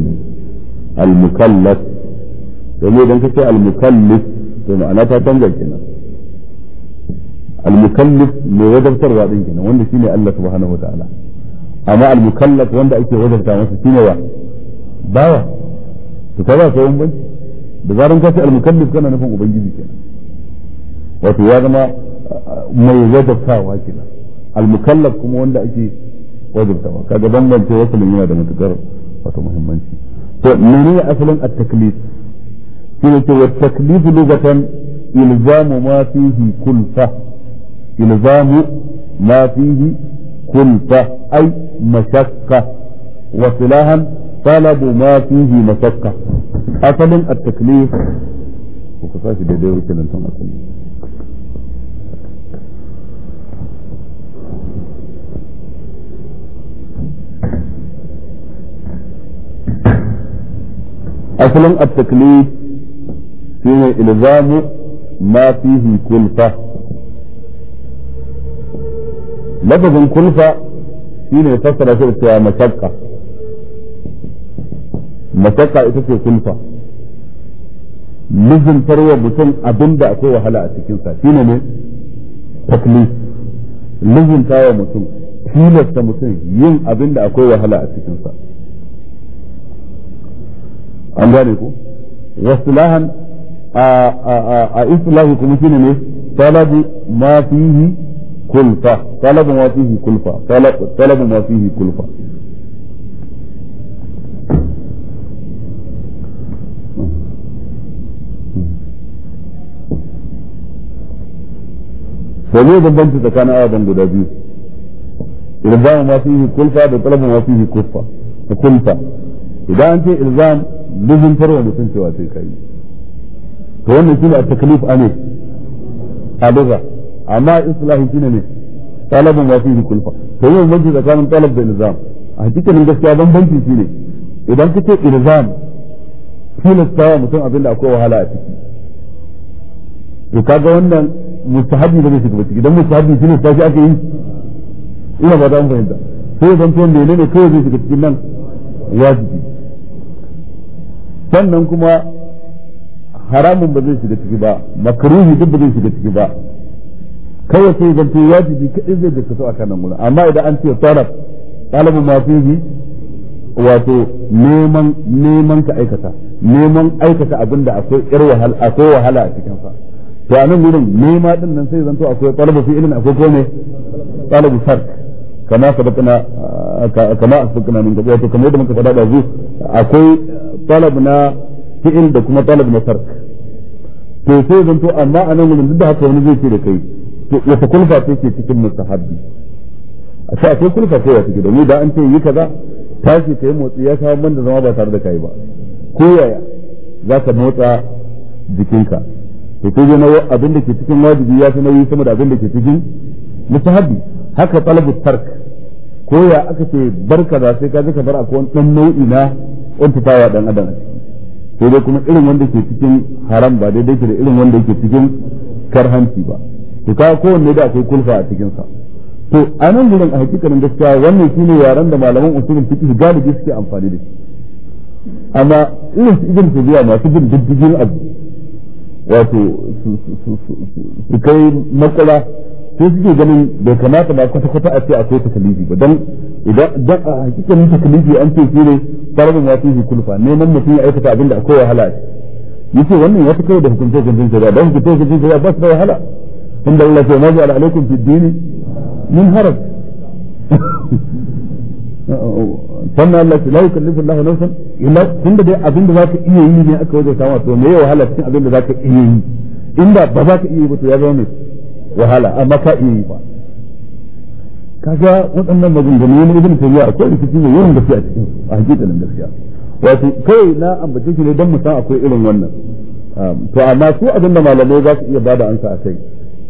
al-mukallaf ne idan kace al-mukallaf to ma'ana ta canza kenan al-mukallif mai wajabtarwa din kenan wanda shine Allah subhanahu wataala amma al wanda ake wajabta masa shine wa bawa to kaza sai mun banci da zaran ka ce al-mukallif kana nufin ubangiji kenan wato ya uh, mai wajabtawa kenan al kuma wanda ake wajabtawa kaga bambance wasalin yana da matukar wato muhimmanci to menene asalin at-taklif shine ce wa taklif lugatan kulfa إلزام ما فيه كلفة أي مشقة وصلاها طلب ما فيه مشقة أصل التكليف وكفاش انتم أصل التكليف فيه إلزام ما فيه كلفة lafazin kulfa shi ne fassara shi da cewa mashakka mashakka ita ce kulfa lizantarwa mutum abin da akwai wahala a cikinsa shi ne ne taklif lizantawa mutum tilasta mutum yin abin da akwai wahala a cikinsa an gane ku wasilahan a islahi kuma shine ne talabi ma fihi كلفة طلب ما فيه kulfa da talab ma kulfa an ce ilzam luzun tarwa mutum cewa sai kai to amma islahi shine ne talabun wa fihi kulfa to yau banci tsakanin talab da ilzam a hakikanin gaskiya bambanci shine idan kace ilzam tilastawa mutum abinda akwai wahala a ciki to kaga wannan mustahabi da zai shiga ciki dan mustahabi tilasta shi ake yi ina ba da mun fahimta sai zan to menene ne kawai zai shiga cikin nan wajibi sannan kuma haramun ba zai shiga ciki ba makruhi duk ba zai shiga ciki ba kawai sai zanto wajibi kaɗai zai da gaskato a kanan wurin amma idan an ce taraf ɗalibin ma fihi wato neman neman ka aikata neman aikata abin da akwai ƴar wahala akwai wahala a cikin sa to a nan wurin nema din nan sai zanto akwai ɗalibin fi'ilin akwai ko ne ɗalibin sark kama sabakana kama asbakana min gaba wato kamar yadda muka faɗa ɗazu akwai talab na fi'il da kuma talab na sark to sai zanto amma a nan wurin duk da haka wani zai ce da kai wata kulfa ce ke cikin mustahabbi a ce akwai kulfa ce wata ke domin da an ce yi kaza tashi ka yi motsi ya kawo man da zama ba tare da kai ba ko yaya za ka motsa jikinka to ko na abin da ke cikin wajibi ya fi nauyi sama da abin da ke cikin mustahabbi haka talabu tark ko ya aka ce bar kaza sai ka ji ka bar akwai wani dan nau'i na untutawa dan adam sai dai kuma irin wanda ke cikin haram ba daidai ke da irin wanda ke cikin karhanci ba to ka kowanne da akwai kulfa a cikin sa to a nan gurin a hakikanin gaskiya wannan shine yaren da malaman usulin fiqh galibi suke amfani da shi amma irin su ibn tabiya masu bin diddigin abu wato su kai matsala sai suke ganin bai kamata ba kwata kwata a ce akwai takalifi ba dan idan a hakikanin takalifi an ce shine farabin ya fi kulfa neman mutum ya aikata abinda da akwai wahala yace wannan ya fi kai da hukunce hukuncin shari'a dan hukunce hukuncin shari'a ba su da wahala inda Allah ce mazu ala alaikum fi dini min haraj sannan Allah ce la yukallifu Allah nafsan illa tunda dai abin da zaka iya yi ne aka wajen tawa to me ya wahala cikin abin da ka iya yi inda ba za ka iya yi ba to ya zama mai wahala amma ka iya yi ba kaga waɗannan maganganu ne ibn tayyiba akwai rikici mai yawan gaskiya a cikin a hakikanin gaskiya wato kai na ambace shi ne don mu san akwai irin wannan um, to amma su abin da malamai za su iya bada ansa a kai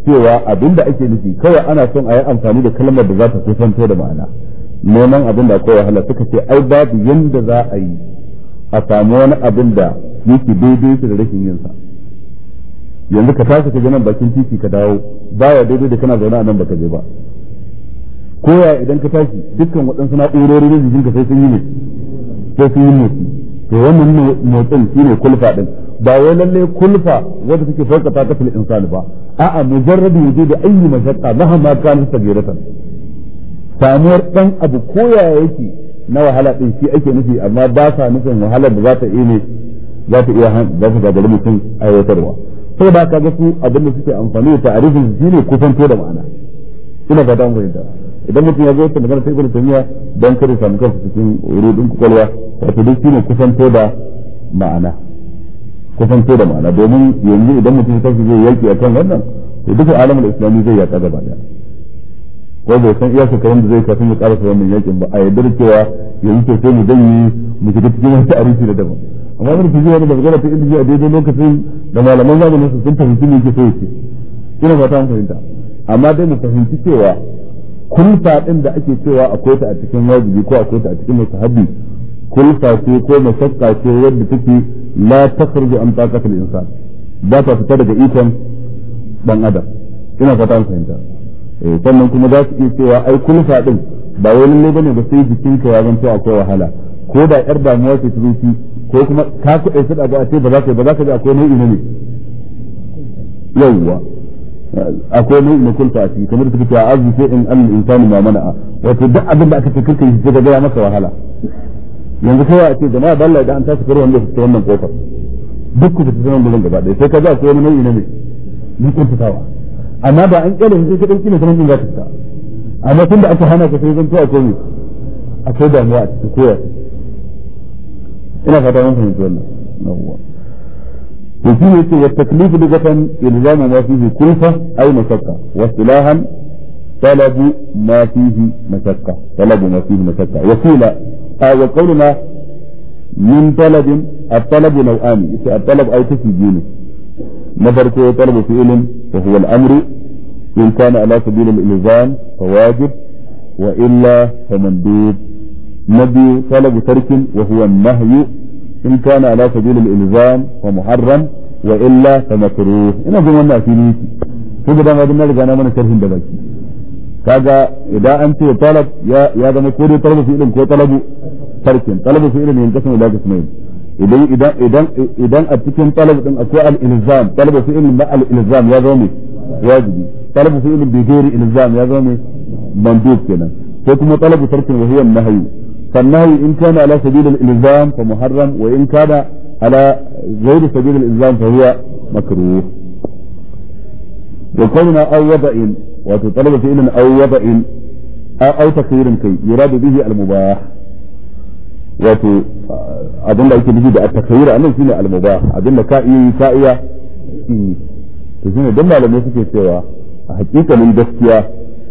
cewa abin da ake nufi kawai ana son a yi amfani da kalmar da za ta kusanto da ma'ana neman abin da akwai wahala suka ce ai babu yanda za a yi a samu wani abin da yake daidai da rashin yinsa yanzu ka tashi ka je nan bakin titi ka dawo baya daidai da kana zaune a nan baka je ba ko idan ka tashi dukkan waɗansu na'urori na jikinka sai sun yi ne sai sun yi motsi to wannan motsin shine kulfa din ba wai lalle kulfa wanda take fauka ta kafil insani ba a'a mujarrad wujudu ayyi mashaqqa mahama kanat sagiratan samuwar dan abu koya yake na wahala din shi ake nufi amma ba sa nufin wahalar da za ta iya ne za ta iya za ta gagari mutum aiwatarwa sai ba ka ga su abin da suke amfani da ta'arifin shi ne kusanto da ma'ana ina fata mun fahimta idan mutum ya zo ta magana ta ibnu tamiya dan kare samu kansa cikin rudin kokolwa wato duk shine kusanto da ma'ana kusanto da ma'ana domin yanzu idan mutum ya tashi zai yaki kan wannan to duka alamul islami zai yaka gaba daya ko bai san iya shekarun da zai kafin ya karasa wannan yakin ba a yardar cewa yanzu to sai mu zanyi mu shiga cikin wata arifi da daban amma mun fiye wani magana ta ilimi a daidai lokacin da malaman zamanin su sun fahimci ne yake so yake ina fata an fahimta amma dai mu fahimci cewa kun faɗin da ake cewa akwai ta a cikin wajibi ko akwai ta a cikin mustahabi kulfa ce ko mashakka ce wadda take la takhruju an taqatil insan ba ta fita daga ikon dan adam ina fata an fahimta eh, sannan kuma za su iya cewa ai kulfa din ba wani ne bane ba sai jikinka ya zanto akwai wahala ko da yar damuwa ce ta zuci ko kuma ka kuɗe su ga a ce ba za ka ba za ka ji akwai nau'i ne yawwa akwai nau'i na kulfa ce kamar da kake cewa azu sai in an insani ma mana'a wato duk abin da aka ce yi shi ga ya maka wahala yanzu kowa a ce jama'a dalla da an tashi karo wanda su wannan kofar duk ku fita sanan gurin gaba ɗaya sai ka ga ko wani nau'i na ne ni fitawa amma ba an kyale sai ka dauki ne sanan din za fita amma tunda aka hana ka sai zanto ko ne kai damuwa a cikin kowa ina fata mun fahimci wannan yawwa to shi ne yake ya taklifu lugatan ilzamu ma fihi kulfa ai masakka wa silahan talabu ma fihi masakka talabu ma fihi masakka wasila وقولنا من طلب الطلب نوعان الطلب أو تسجيل نفرك طلب في علم وهو الأمر إن كان على سبيل الإلزام فواجب وإلا فمندوب نبي طلب ترك وهو النهي إن كان على سبيل الإلزام فمحرم وإلا فمكروه إن أظن أن أفينيك في ده ما قلنا أنا من شرح دبل كذا إذا أنت طلب يا يا ده مكروه طلب في علم كو طلبه tarkin talabu fi ilmi fi'ilin yankasu ila qismayn idan idan idan idan a cikin talabu din akwai al-ilzam talabu fi ilmi ba al-ilzam ya zama wajibi talabu fi ilmi bi ghairi ilzam ya zama mandub kenan ko kuma talabu tarkin wa hiya in kana ala nahyu فالنهي إن كان على سبيل الإلزام فمحرم وإن كان على غير سبيل الإلزام فهو مكروه وقولنا أو وضع وتطلب فعل أو وضع أو تقدير كي يراد به المباح wato abin da ake nufi da at-takhayir anan shine al-mubah abin da ka iya yi ka to shine dan malamai suke cewa a hakikanin gaskiya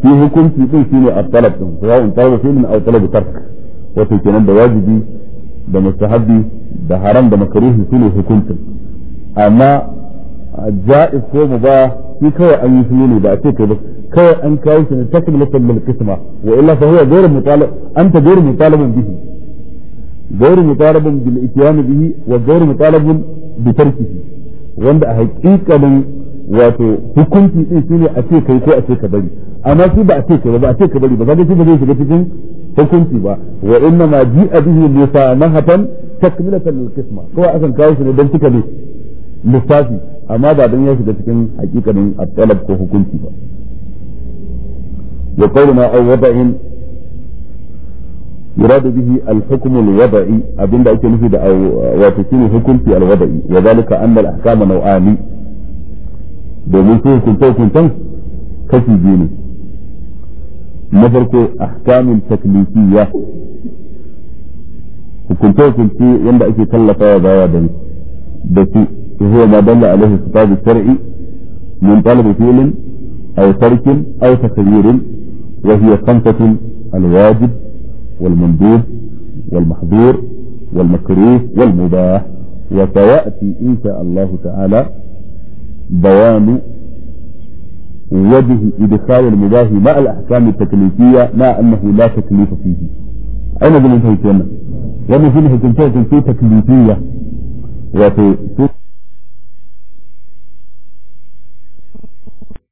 shi hukunci din shine at-talab din ko sawa'un shi ne au talabu tark wato kenan da wajibi da mustahabi da haram da makruhi shine hukuncin amma ja'iz ko mubah shi kawai an yi shi ne ba a ce kai ba kawai an kawo shi ne takmilatan lil qisma wa illa fa huwa ghayr mutalab anta ghayr mutalabun bihi غير مطالب بالاتيان به وغير مطالب بتركه wanda a hakikalin wato hukunci din shine a ce kai ko a ce ka bari amma shi ba a ce kai ba a ce ka bari ba kaga shi ba zai shiga cikin hukunci ba wa inna ma ji'a bihi musamahatan takmilatan lil qisma ko a akan kawo shi ne dan cika ne lissafi amma ba dan ya shiga cikin hakikalin at-talab ko hukunci ba ya qawlu ma aw wada'in يراد به الحكم الوضعي أبين دعيك نفي دعا واتسين الحكم في الوضعي وذلك أن الأحكام نوعان دومن سوه كنتو كنتو كسي دينه نفرك أحكام التكليفية كنتو كنتو يندا إكي تلا فيا بايا دني بس هو ما دل عليه الخطاب الشرعي من طلب فعل أو ترك أو تخيير وهي خمسة الواجب والمندوب والمحظور والمكروه والمباح وسيأتي إن شاء الله تعالى بيان وجه إدخال المباح مع الأحكام التكليفية مع أنه لا تكليف فيه أين بننتهي كنا؟ لأنه فيه تكليفية وفي